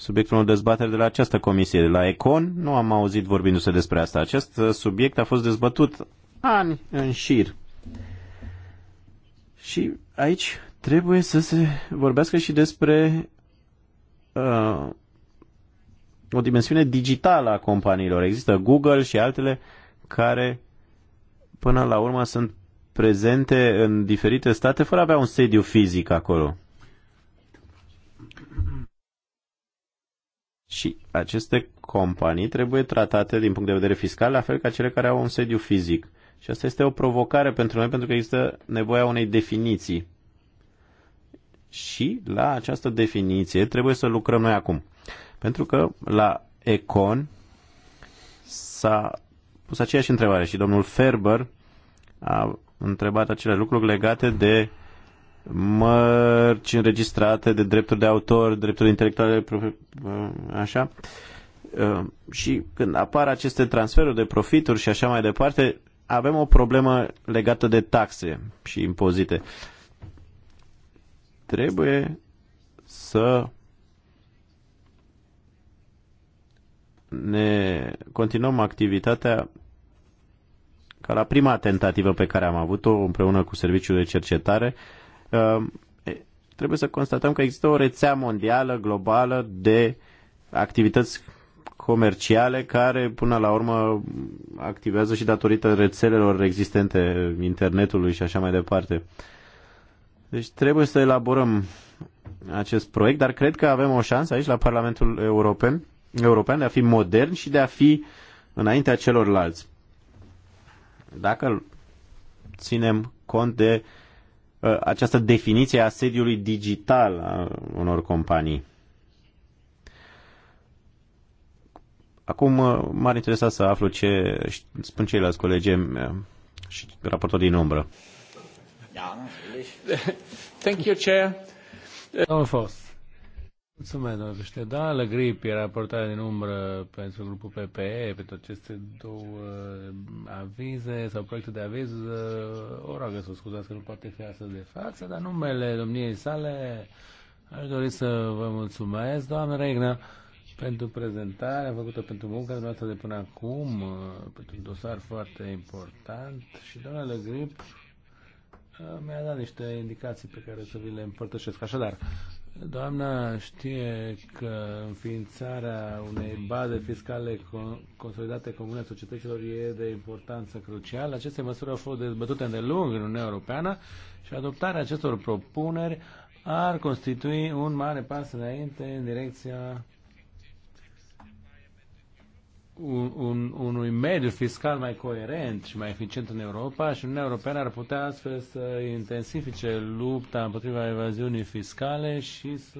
subiectul unor dezbateri de la această comisie, de la Econ, nu am auzit vorbindu-se despre asta. Acest uh, subiect a fost dezbătut ani în șir. Și aici trebuie să se vorbească și despre uh, o dimensiune digitală a companiilor. Există Google și altele care până la urmă sunt prezente în diferite state fără a avea un sediu fizic acolo. Și aceste companii trebuie tratate din punct de vedere fiscal la fel ca cele care au un sediu fizic. Și asta este o provocare pentru noi pentru că există nevoia unei definiții. Și la această definiție trebuie să lucrăm noi acum. Pentru că la Econ s-a pus aceeași întrebare și domnul Ferber a întrebat acele lucruri legate de mărci înregistrate de drepturi de autor, drepturi intelectuale, așa. Uh, și când apar aceste transferuri de profituri și așa mai departe, avem o problemă legată de taxe și impozite. Trebuie să ne continuăm activitatea ca la prima tentativă pe care am avut-o împreună cu Serviciul de Cercetare uh, Um, trebuie să constatăm că există o rețea mondială, globală, de activități comerciale care până la urmă activează și datorită rețelelor existente, internetului și așa mai departe. Deci trebuie să elaborăm acest proiect, dar cred că avem o șansă aici la Parlamentul European, European de a fi modern și de a fi înaintea celorlalți. Dacă ținem cont de uh, Uh, această definiție a sediului digital a unor companii. Acum uh, m-ar interesa să aflu ce spun ceilalți colegi uh, și raportul din umbră. Thank you, Chair. Domnul Fost. Mulțumesc, domnule, președinte. Da, la grip era portarea din umbră pentru grupul PPE, pentru aceste două uh, avize sau proiecte de aviz. Uh, o roagă să o scuzați că nu poate fi asta de față, dar numele domniei sale aș dori să vă mulțumesc, doamnă Regna, pentru prezentarea făcută pentru munca dumneavoastră de până acum, uh, pentru un dosar foarte important și doamna la Grip mi-a dat niște indicații pe care să vi le împărtășesc. Așadar, Doamna știe că înființarea unei baze fiscale consolidate comune a societăților e de importanță crucială. Aceste măsuri au fost dezbătute îndelung în Uniunea Europeană și adoptarea acestor propuneri ar constitui un mare pas înainte în direcția un, un, unui mediu fiscal mai coerent și mai eficient în Europa și Uniunea Europeană ar putea astfel să intensifice lupta împotriva evaziunii fiscale și să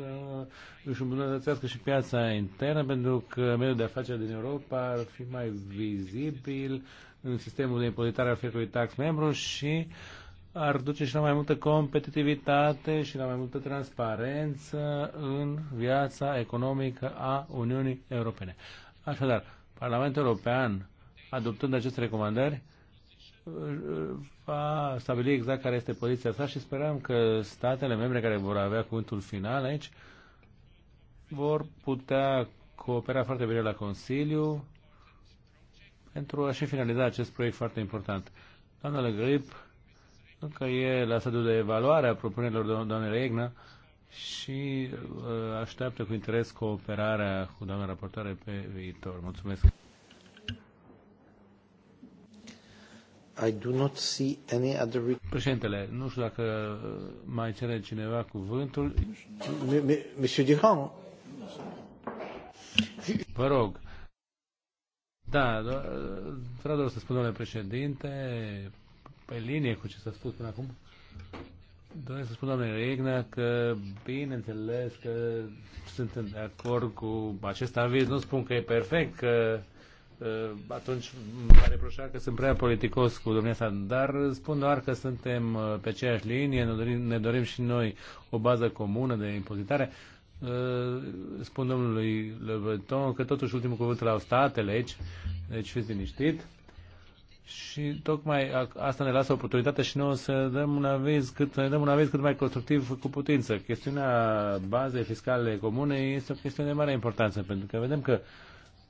își îmbunătățească și piața internă pentru că mediul de afaceri din Europa ar fi mai vizibil în sistemul de impozitare al fiecărui tax membru și ar duce și la mai multă competitivitate și la mai multă transparență în viața economică a Uniunii Europene. Așadar, Parlamentul European, adoptând aceste recomandări, va stabili exact care este poziția sa și sperăm că statele membre care vor avea cuvântul final aici vor putea coopera foarte bine la Consiliu pentru a și finaliza acest proiect foarte important. Doamnele Grip, încă e la stadiul de evaluare a propunerilor doamnei Regna, și uh, așteaptă cu interes cooperarea cu doamna raportoare pe viitor. Mulțumesc! I do not see any other... Președintele, nu știu dacă uh, mai cere cineva cuvântul. Monsieur Durand? Vă rog. Da, uh, vreau doar să spun, domnule președinte, pe linie cu ce s-a spus până acum, Doresc să spun, doamne Regna, că bineînțeles că sunt de acord cu acest aviz. Nu spun că e perfect, că uh, atunci m-a reproșat că sunt prea politicos cu dumneavoastră, dar spun doar că suntem uh, pe aceeași linie, ne dorim, ne dorim și noi o bază comună de impozitare. Uh, spun domnului Le că totuși ultimul cuvânt l-au statele aici, deci fiți liniștit și tocmai asta ne lasă oportunitatea și noi să dăm un aviz cât, să ne dăm un aviz cât mai constructiv cu putință. Chestiunea bazei fiscale comune este o chestiune de mare importanță, pentru că vedem că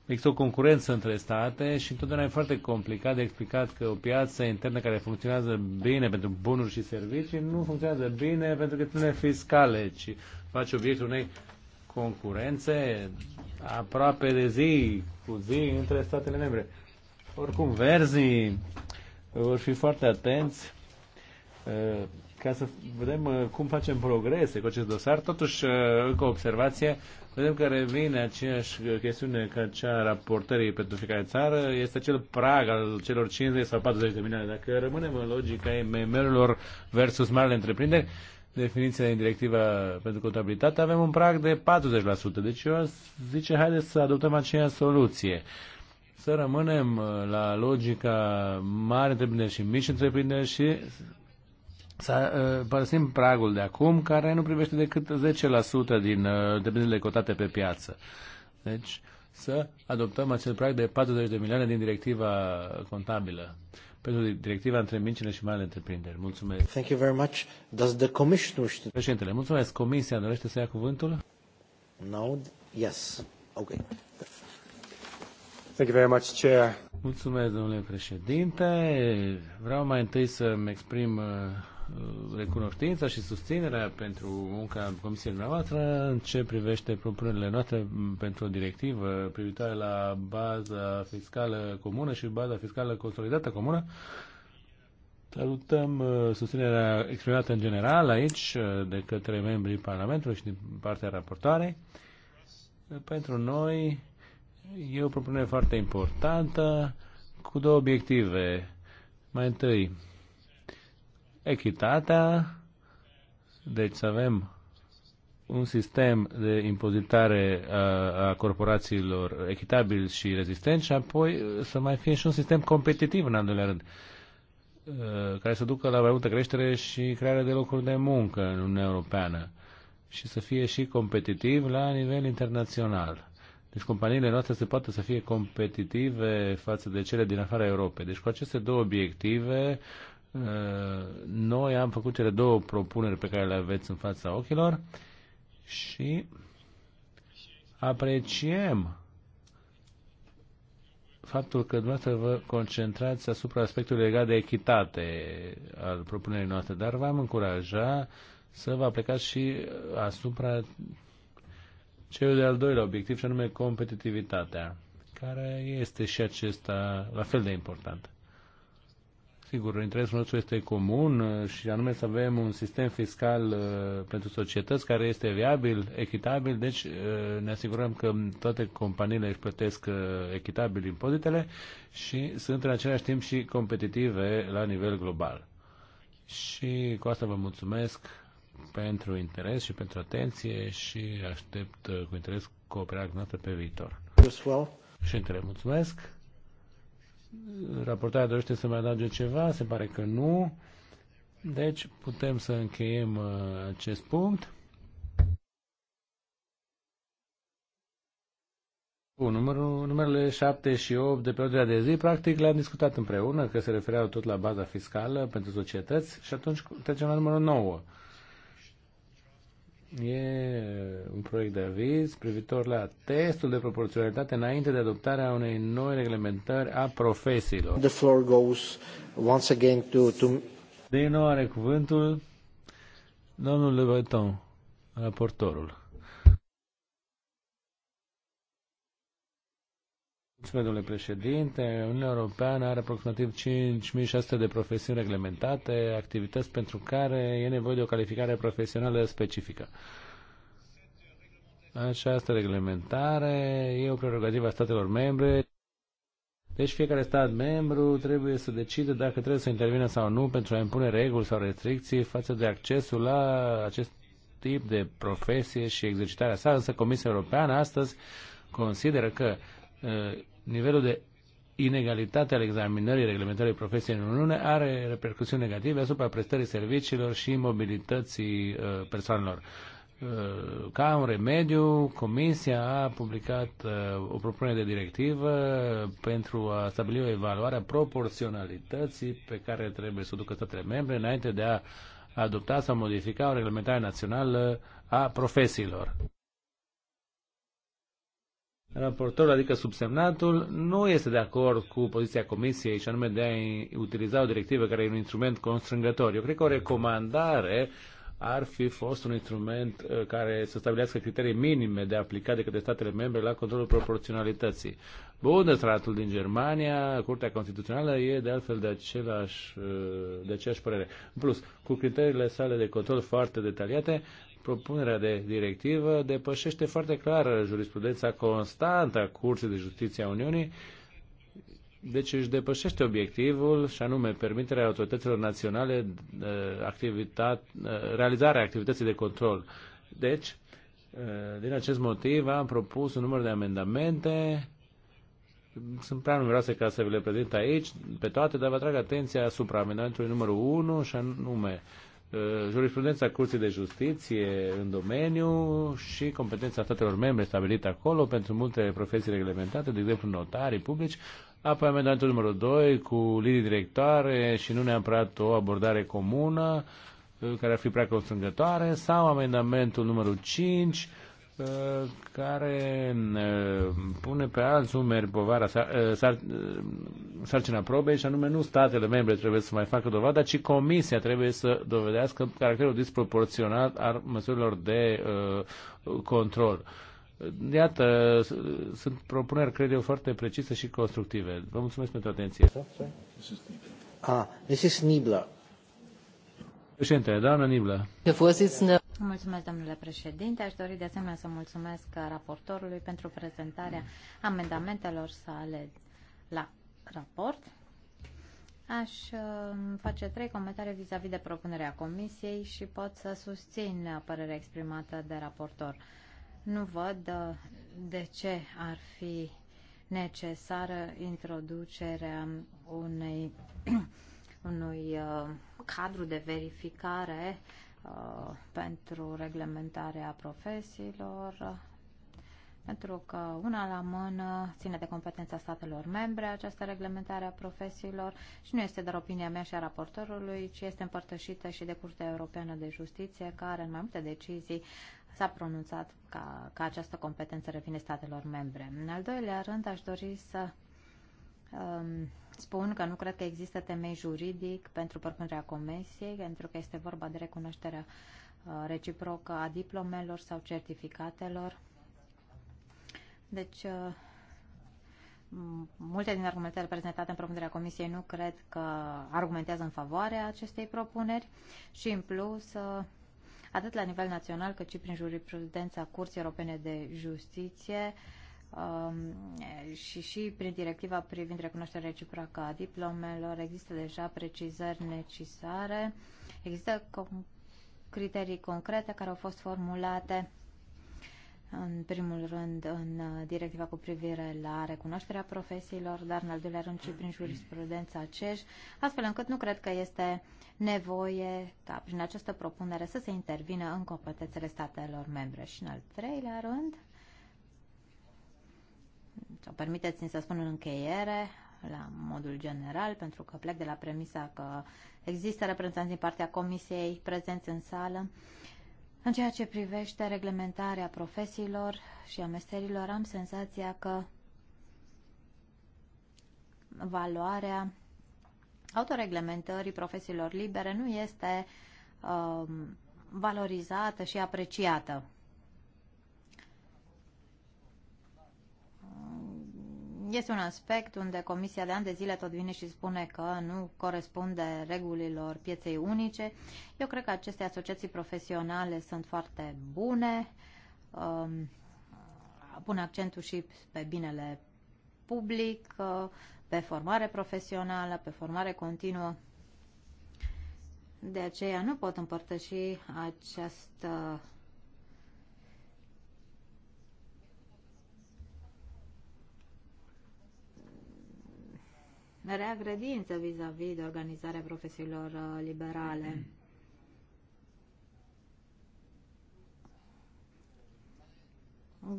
există o concurență între state și întotdeauna e foarte complicat de explicat că o piață internă care funcționează bine pentru bunuri și servicii nu funcționează bine pentru că chestiune fiscale, ci face obiectul unei concurențe aproape de zi cu zi între statele membre. Oricum, verzii uh, vor fi foarte atenți uh, ca să vedem uh, cum facem progrese cu acest dosar. Totuși, încă o observație, vedem că revine aceeași chestiune ca cea a raportării pentru fiecare țară, este acel prag al celor 50 sau 40 de milioane. Dacă rămânem în logica MMR-urilor versus marile întreprinderi, definiția din directiva pentru contabilitate, avem un prag de 40%. Deci eu zice, haideți să adoptăm aceeași soluție. Uh, să rămânem uh, la logica mare întreprinderi și mici întreprinderi și să uh, părăsim pragul de acum, care nu privește decât 10% din uh, întreprinderile cotate pe piață. Deci, să adoptăm acel prag de 40 de milioane din directiva contabilă pentru directiva între micile și marile întreprinderi. Mulțumesc. Thank you very much. Does the to... Președintele, mulțumesc. Comisia dorește să ia cuvântul? No. Yes. Okay. Thank you very much, Chair. Mulțumesc, domnule președinte. Vreau mai întâi să-mi exprim uh, recunoștința și susținerea pentru munca Comisiei noastre, în ce privește propunerile noastre pentru o directivă privitoare la baza fiscală comună și baza fiscală consolidată comună. Salutăm uh, susținerea exprimată în general aici uh, de către membrii Parlamentului și din partea raportoarei. Pentru noi, E o propunere foarte importantă cu două obiective. Mai întâi, echitatea, deci să avem un sistem de impozitare a, uh, a corporațiilor echitabil și rezistent și apoi să mai fie și un sistem competitiv în al doilea rând, uh, care să ducă la mai multă creștere și crearea de locuri de muncă în Uniunea Europeană și să fie și competitiv la nivel internațional. Deci companiile noastre se poate să fie competitive față de cele din afara Europei. Deci cu aceste două obiective, uh, noi am făcut cele două propuneri pe care le aveți în fața ochilor și apreciem faptul că dumneavoastră vă concentrați asupra aspectului legat de echitate al propunerii noastre, dar v-am încuraja să vă aplicați și asupra cel de-al doilea obiectiv, și anume competitivitatea, care este și acesta la fel de important. Sigur, interesul nostru este comun uh, și anume să avem un sistem fiscal uh, pentru societăți care este viabil, echitabil, deci uh, ne asigurăm că toate companiile își plătesc echitabil impozitele și sunt în același timp și competitive la nivel global. Și cu asta vă mulțumesc pentru interes și pentru atenție și aștept uh, cu interes cooperarea noastră pe viitor. well. între mulțumesc. Raportarea dorește să mai adauge ceva? Se pare că nu. Deci putem să încheiem uh, acest punct. Bun, numărul, numerele 7 și 8 de pe ordinea de zi, practic le-am discutat împreună, că se refereau tot la baza fiscală pentru societăți și atunci trecem la numărul 9. E un proiect de aviz privitor la testul de proporționalitate înainte de adoptarea unei noi reglementări a profesiilor. The floor goes once again to, to... De nou are cuvântul domnul Leveton, raportorul. Mulțumesc, domnule președinte. Uniunea Europeană are aproximativ 5600 de profesiuni reglementate, activități pentru care e nevoie de o calificare profesională specifică. Această reglementare e o prerogativă a statelor membre. Deci fiecare stat membru trebuie să decide dacă trebuie să intervină sau nu pentru a impune reguli sau restricții față de accesul la acest tip de profesie și exercitarea sa, însă Comisia Europeană astăzi consideră că uh, nivelul de inegalitate al examinării reglementării profesiei în Uniune are repercusiuni negative asupra prestării serviciilor și mobilității uh, persoanelor. Uh, ca un remediu, Comisia a publicat uh, o propunere de directivă pentru a stabili o evaluare a proporționalității pe care trebuie să o ducă statele membre înainte de a adopta sau modifica o reglementare națională a profesiilor. Raportorul, adică subsemnatul, nu este de acord cu poziția Comisiei și anume de a utiliza o directivă care e un instrument constrângător. Eu cred că o recomandare ar fi fost un instrument uh, care să stabilească criterii minime de aplicat de către statele membre la controlul proporționalității. Bundesratul din Germania, Curtea Constituțională, e de altfel de, același, uh, de aceeași părere. În plus, cu criteriile sale de control foarte detaliate, propunerea de directivă depășește foarte clar jurisprudența constantă a Curții de Justiție a Uniunii, deci își depășește obiectivul și anume permiterea autorităților naționale eh, activitate, eh, realizarea activității de control. Deci, eh, din acest motiv am propus un număr de amendamente sunt prea numeroase ca să vi le prezint aici pe toate, dar vă atrag atenția asupra amendamentului numărul 1 și anume Eh, jurisprudența Curții de Justiție în domeniu și competența statelor membre stabilită acolo pentru multe profesii reglementate, de exemplu notarii publici, apoi amendamentul numărul 2 cu linii directoare și nu neapărat o abordare comună eh, care ar fi prea constrângătoare, sau amendamentul numărul 5 care pune pe alți umeri povara, sarcina probei și anume nu statele membre trebuie să mai facă dovada, ci comisia trebuie să dovedească caracterul disproporționat al măsurilor de control. Iată, sunt propuneri, cred eu, foarte precise și constructive. Vă mulțumesc pentru atenție. Ah, is Nibla. Președinte, doamnă Nibla. Mulțumesc, domnule președinte. Aș dori de asemenea să mulțumesc raportorului pentru prezentarea amendamentelor sale la raport. Aș uh, face trei comentarii vis-a-vis -vis de propunerea comisiei și pot să susțin părerea exprimată de raportor. Nu văd uh, de ce ar fi necesară introducerea unei unui uh, cadru de verificare uh, pentru reglementarea profesiilor, uh, pentru că una la mână ține de competența statelor membre această reglementare a profesiilor și nu este doar opinia mea și a raportorului, ci este împărtășită și de Curtea Europeană de Justiție, care în mai multe decizii s-a pronunțat ca, ca această competență revine statelor membre. În al doilea rând, aș dori să um, spun că nu cred că există temei juridic pentru propunerea comisiei, pentru că este vorba de recunoașterea uh, reciprocă a diplomelor sau certificatelor. Deci, uh, multe din argumentele prezentate în propunerea Comisiei nu cred că argumentează în favoarea acestei propuneri și, în plus, uh, atât la nivel național cât și prin jurisprudența Curții Europene de Justiție, Um, și și prin directiva privind recunoașterea reciprocă a diplomelor există deja precizări necesare, există criterii concrete care au fost formulate în primul rând în uh, directiva cu privire la recunoașterea profesiilor, dar în al doilea rând și prin jurisprudența CEJ, astfel încât nu cred că este nevoie ca prin această propunere să se intervină în competențele statelor membre. Și în al treilea rând, sau permiteți-mi să spun în încheiere, la modul general, pentru că plec de la premisa că există reprezentanți din partea Comisiei prezenți în sală. În ceea ce privește reglementarea profesiilor și a meserilor, am senzația că valoarea autoreglementării profesiilor libere nu este uh, valorizată și apreciată Este un aspect unde Comisia de ani de zile tot vine și spune că nu corespunde regulilor pieței unice. Eu cred că aceste asociații profesionale sunt foarte bune, um, pun accentul și pe binele public, uh, pe formare profesională, pe formare continuă. De aceea nu pot împărtăși această rea credință vis-a-vis de organizarea profesiilor uh, liberale.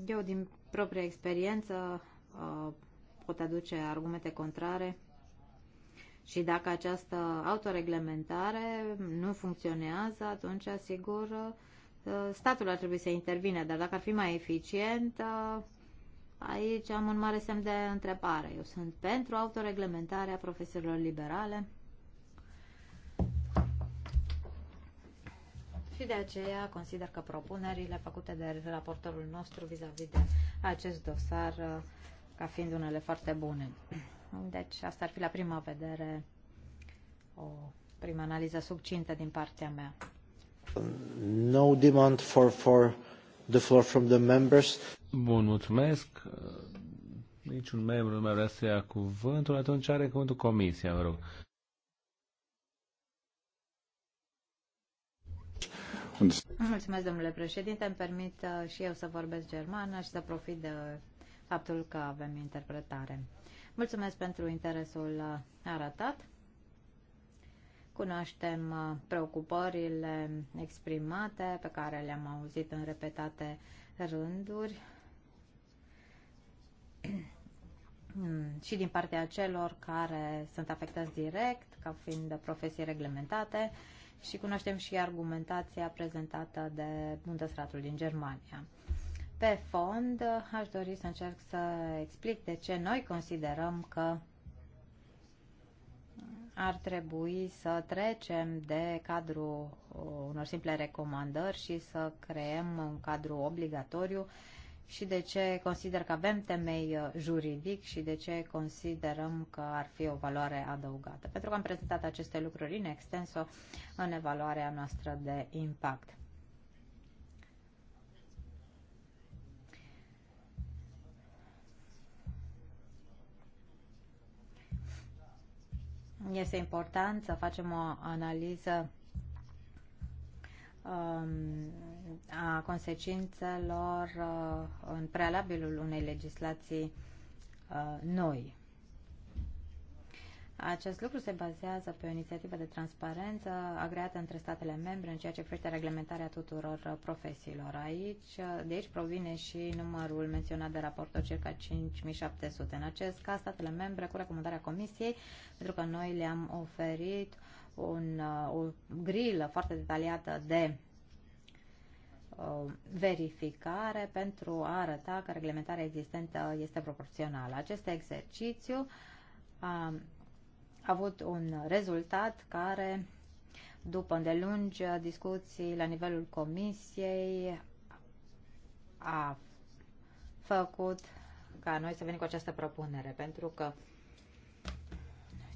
Eu, din propria experiență, uh, pot aduce argumente contrare și dacă această autoreglementare nu funcționează, atunci, sigur, uh, statul ar trebui să intervine, dar dacă ar fi mai eficient, Aici am un mare semn de întrebare. Eu sunt pentru autoreglementarea profesiilor liberale și de aceea consider că propunerile făcute de raportorul nostru vis-a-vis -vis de acest dosar uh, ca fiind unele foarte bune. Deci asta ar fi la prima vedere o prima analiză subcintă din partea mea. No demand for, for the floor from the members. Bun, mulțumesc. Niciun membru nu mai vrea să ia cuvântul, atunci are cuvântul comisia, vă rog. Mulțumesc, domnule președinte. Îmi permit uh, și eu să vorbesc germană și să profit de uh, faptul că avem interpretare. Mulțumesc pentru interesul uh, arătat. Cunoaștem uh, preocupările exprimate pe care le-am auzit în repetate rânduri și din partea celor care sunt afectați direct, ca fiind de profesii reglementate, și cunoaștem și argumentația prezentată de Bundesratul din Germania. Pe fond, aș dori să încerc să explic de ce noi considerăm că ar trebui să trecem de cadrul uh, unor simple recomandări și să creăm un cadru obligatoriu și de ce consider că avem temei uh, juridic și de ce considerăm că ar fi o valoare adăugată. Pentru că am prezentat aceste lucruri în extenso în evaluarea noastră de impact. este important să facem o analiză um, a consecințelor uh, în prealabilul unei legislații uh, noi. Acest lucru se bazează pe o inițiativă de transparență agreată între statele membre în ceea ce privește reglementarea tuturor uh, profesiilor. Aici, uh, de aici provine și numărul menționat de raportor, circa 5700. În acest caz, statele membre, cu recomandarea Comisiei, pentru că noi le-am oferit un, uh, o grilă foarte detaliată de verificare pentru a arăta că reglementarea existentă este proporțională. Acest exercițiu a avut un rezultat care, după îndelungi discuții la nivelul comisiei, a făcut ca noi să venim cu această propunere, pentru că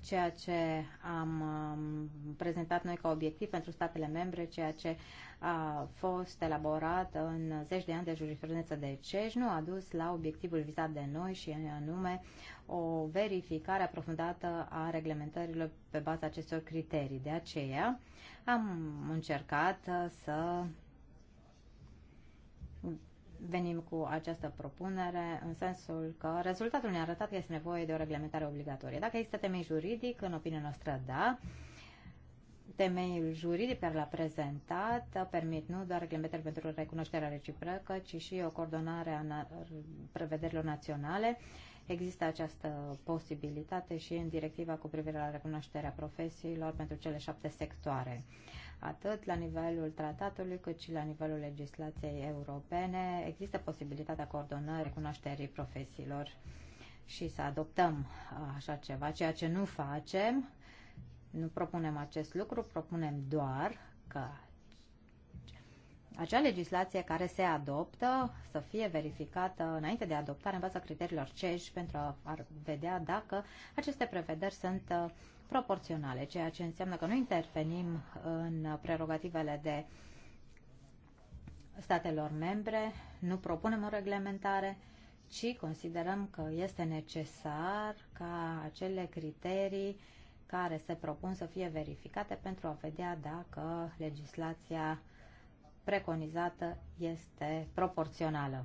ceea ce am um, prezentat noi ca obiectiv pentru statele membre, ceea ce a fost elaborat în zeci de ani de jurisprudență de CEJ, nu a dus la obiectivul vizat de noi și anume o verificare aprofundată a reglementărilor pe baza acestor criterii. De aceea am încercat să venim cu această propunere în sensul că rezultatul ne-a arătat că este nevoie de o reglementare obligatorie. Dacă există temei juridic, în opinia noastră, da. Temeiul juridic care l-a prezentat permit nu doar reglementări pentru recunoașterea reciprocă, ci și o coordonare a na prevederilor naționale. Există această posibilitate și în directiva cu privire la recunoașterea profesiilor pentru cele șapte sectoare. Uh, atât la nivelul tratatului cât și la nivelul legislației europene. Există posibilitatea coordonării recunoașterii profesiilor și să adoptăm uh, așa ceva, ceea ce nu facem. Nu propunem acest lucru, propunem doar că acea legislație care se adoptă să fie verificată înainte de adoptare în baza criteriilor CEJ pentru a, a vedea dacă aceste prevederi sunt uh, proporționale, ceea ce înseamnă că nu intervenim în prerogativele de statelor membre, nu propunem o reglementare, ci considerăm că este necesar ca acele criterii care se propun să fie verificate pentru a vedea dacă legislația preconizată este proporțională,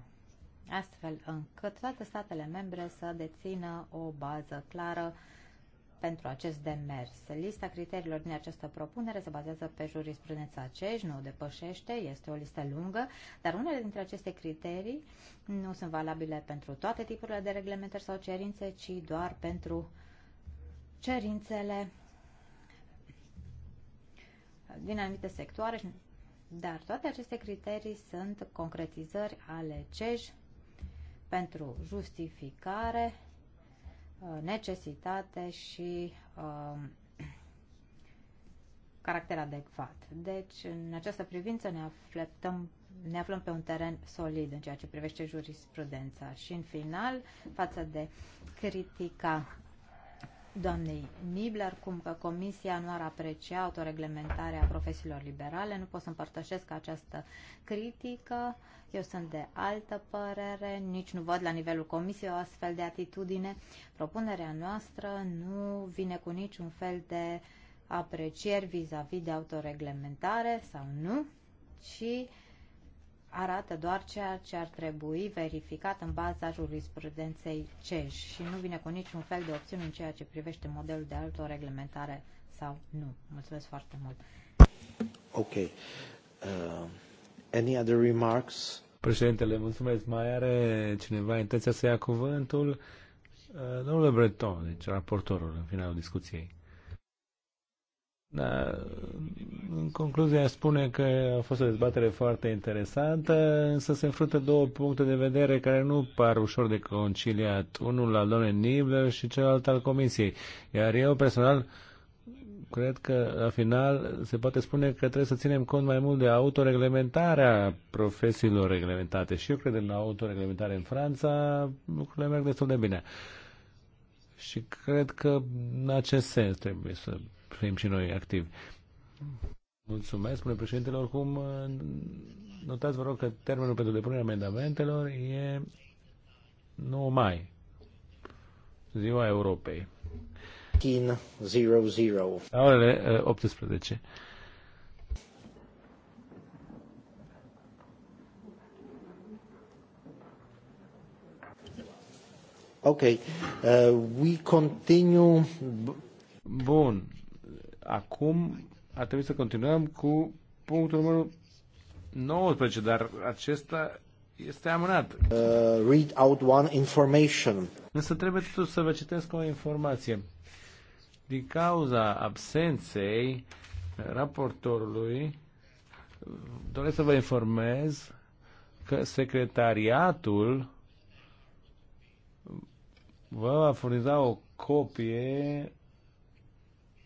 astfel încât toate statele membre să dețină o bază clară pentru acest demers. Lista criteriilor din această propunere se bazează pe jurisprudența aceeași, nu o depășește, este o listă lungă, dar unele dintre aceste criterii nu sunt valabile pentru toate tipurile de reglementări sau cerințe, ci doar pentru cerințele din anumite sectoare, dar toate aceste criterii sunt concretizări ale CEJ pentru justificare Uh, necesitate și uh, caracter adecvat. Deci, în această privință ne, aflăm ne aflăm pe un teren solid în ceea ce privește jurisprudența. Și în final, față de critica doamnei Nibler, cum că Comisia nu ar aprecia autoreglementarea profesiilor liberale. Nu pot să împărtășesc această critică. Eu sunt de altă părere, nici nu văd la nivelul Comisiei o astfel de atitudine. Propunerea noastră nu vine cu niciun fel de aprecieri vis-a-vis -vis de autoreglementare sau nu, ci arată doar ceea ce ar trebui verificat în baza jurisprudenței CEJ și nu vine cu niciun fel de opțiune în ceea ce privește modelul de autoreglementare sau nu. Mulțumesc foarte mult. Ok. Uh, any other remarks? Președintele, mulțumesc. Mai are cineva intenția să ia cuvântul? Uh, domnule Breton, deci raportorul în finalul discuției. Da, în concluzie, spune că a fost o dezbatere foarte interesantă, însă se înfruntă două puncte de vedere care nu par ușor de conciliat. Unul al domnului Nibler și celălalt al Comisiei. Iar eu personal cred că la final se poate spune că trebuie să ținem cont mai mult de autoreglementarea profesiilor reglementate. Și eu cred în autoreglementare în Franța, lucrurile merg destul de bine. Și cred că în acest sens trebuie să fim și noi activi. Mulțumesc, spune președintele. Oricum, notați, vă rog, că termenul pentru depunerea amendamentelor e 9 mai, ziua Europei. 18.00. La orele 18. Uh, ok. Uh, we continue. Bun acum ar trebui să continuăm cu punctul numărul 19, dar acesta este amânat. Uh, read out one information. Însă trebuie totuși să vă citesc o informație. Din cauza absenței raportorului, doresc să vă informez că secretariatul vă va furniza o copie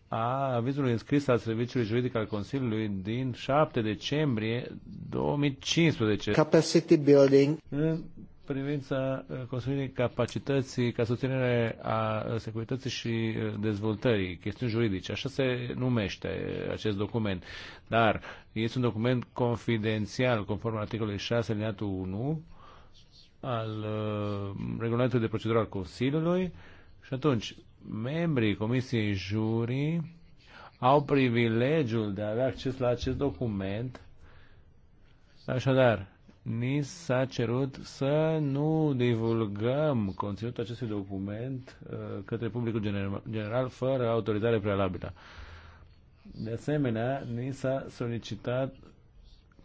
a avizului înscris al Serviciului Juridic al Consiliului din 7 decembrie 2015. Capacity building. În privința uh, construirii capacității ca susținere a uh, securității și uh, dezvoltării, chestiuni juridice. Așa se numește acest document. Dar este un document confidențial, conform articolului 6, liniatul 1, al regulamentului de procedură al Consiliului. Și atunci, membrii Comisiei Jurii au privilegiul de a avea acces la acest document. Așadar, ni s-a cerut să nu divulgăm conținutul acestui document uh, către publicul general fără autorizare prealabilă. De asemenea, ni s-a solicitat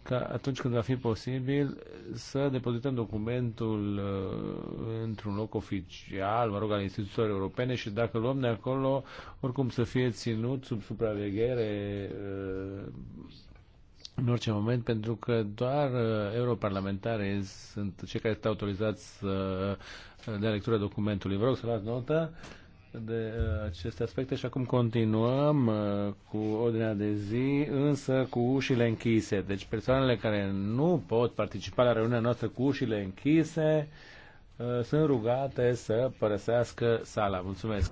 ca atunci când va fi posibil să depozităm documentul uh, într-un loc oficial, mă rog, al instituțiilor europene și dacă luăm de acolo, oricum să fie ținut sub supraveghere uh, în orice moment, pentru că doar uh, europarlamentarii sunt cei care sunt autorizați să uh, dea lectura documentului. Vă rog să luați notă. Uh, de uh, aceste aspecte și acum continuăm uh, cu ordinea de zi, însă cu ușile închise. Deci persoanele care nu pot participa la reuniunea noastră cu ușile închise uh, sunt rugate să părăsească sala. Mulțumesc!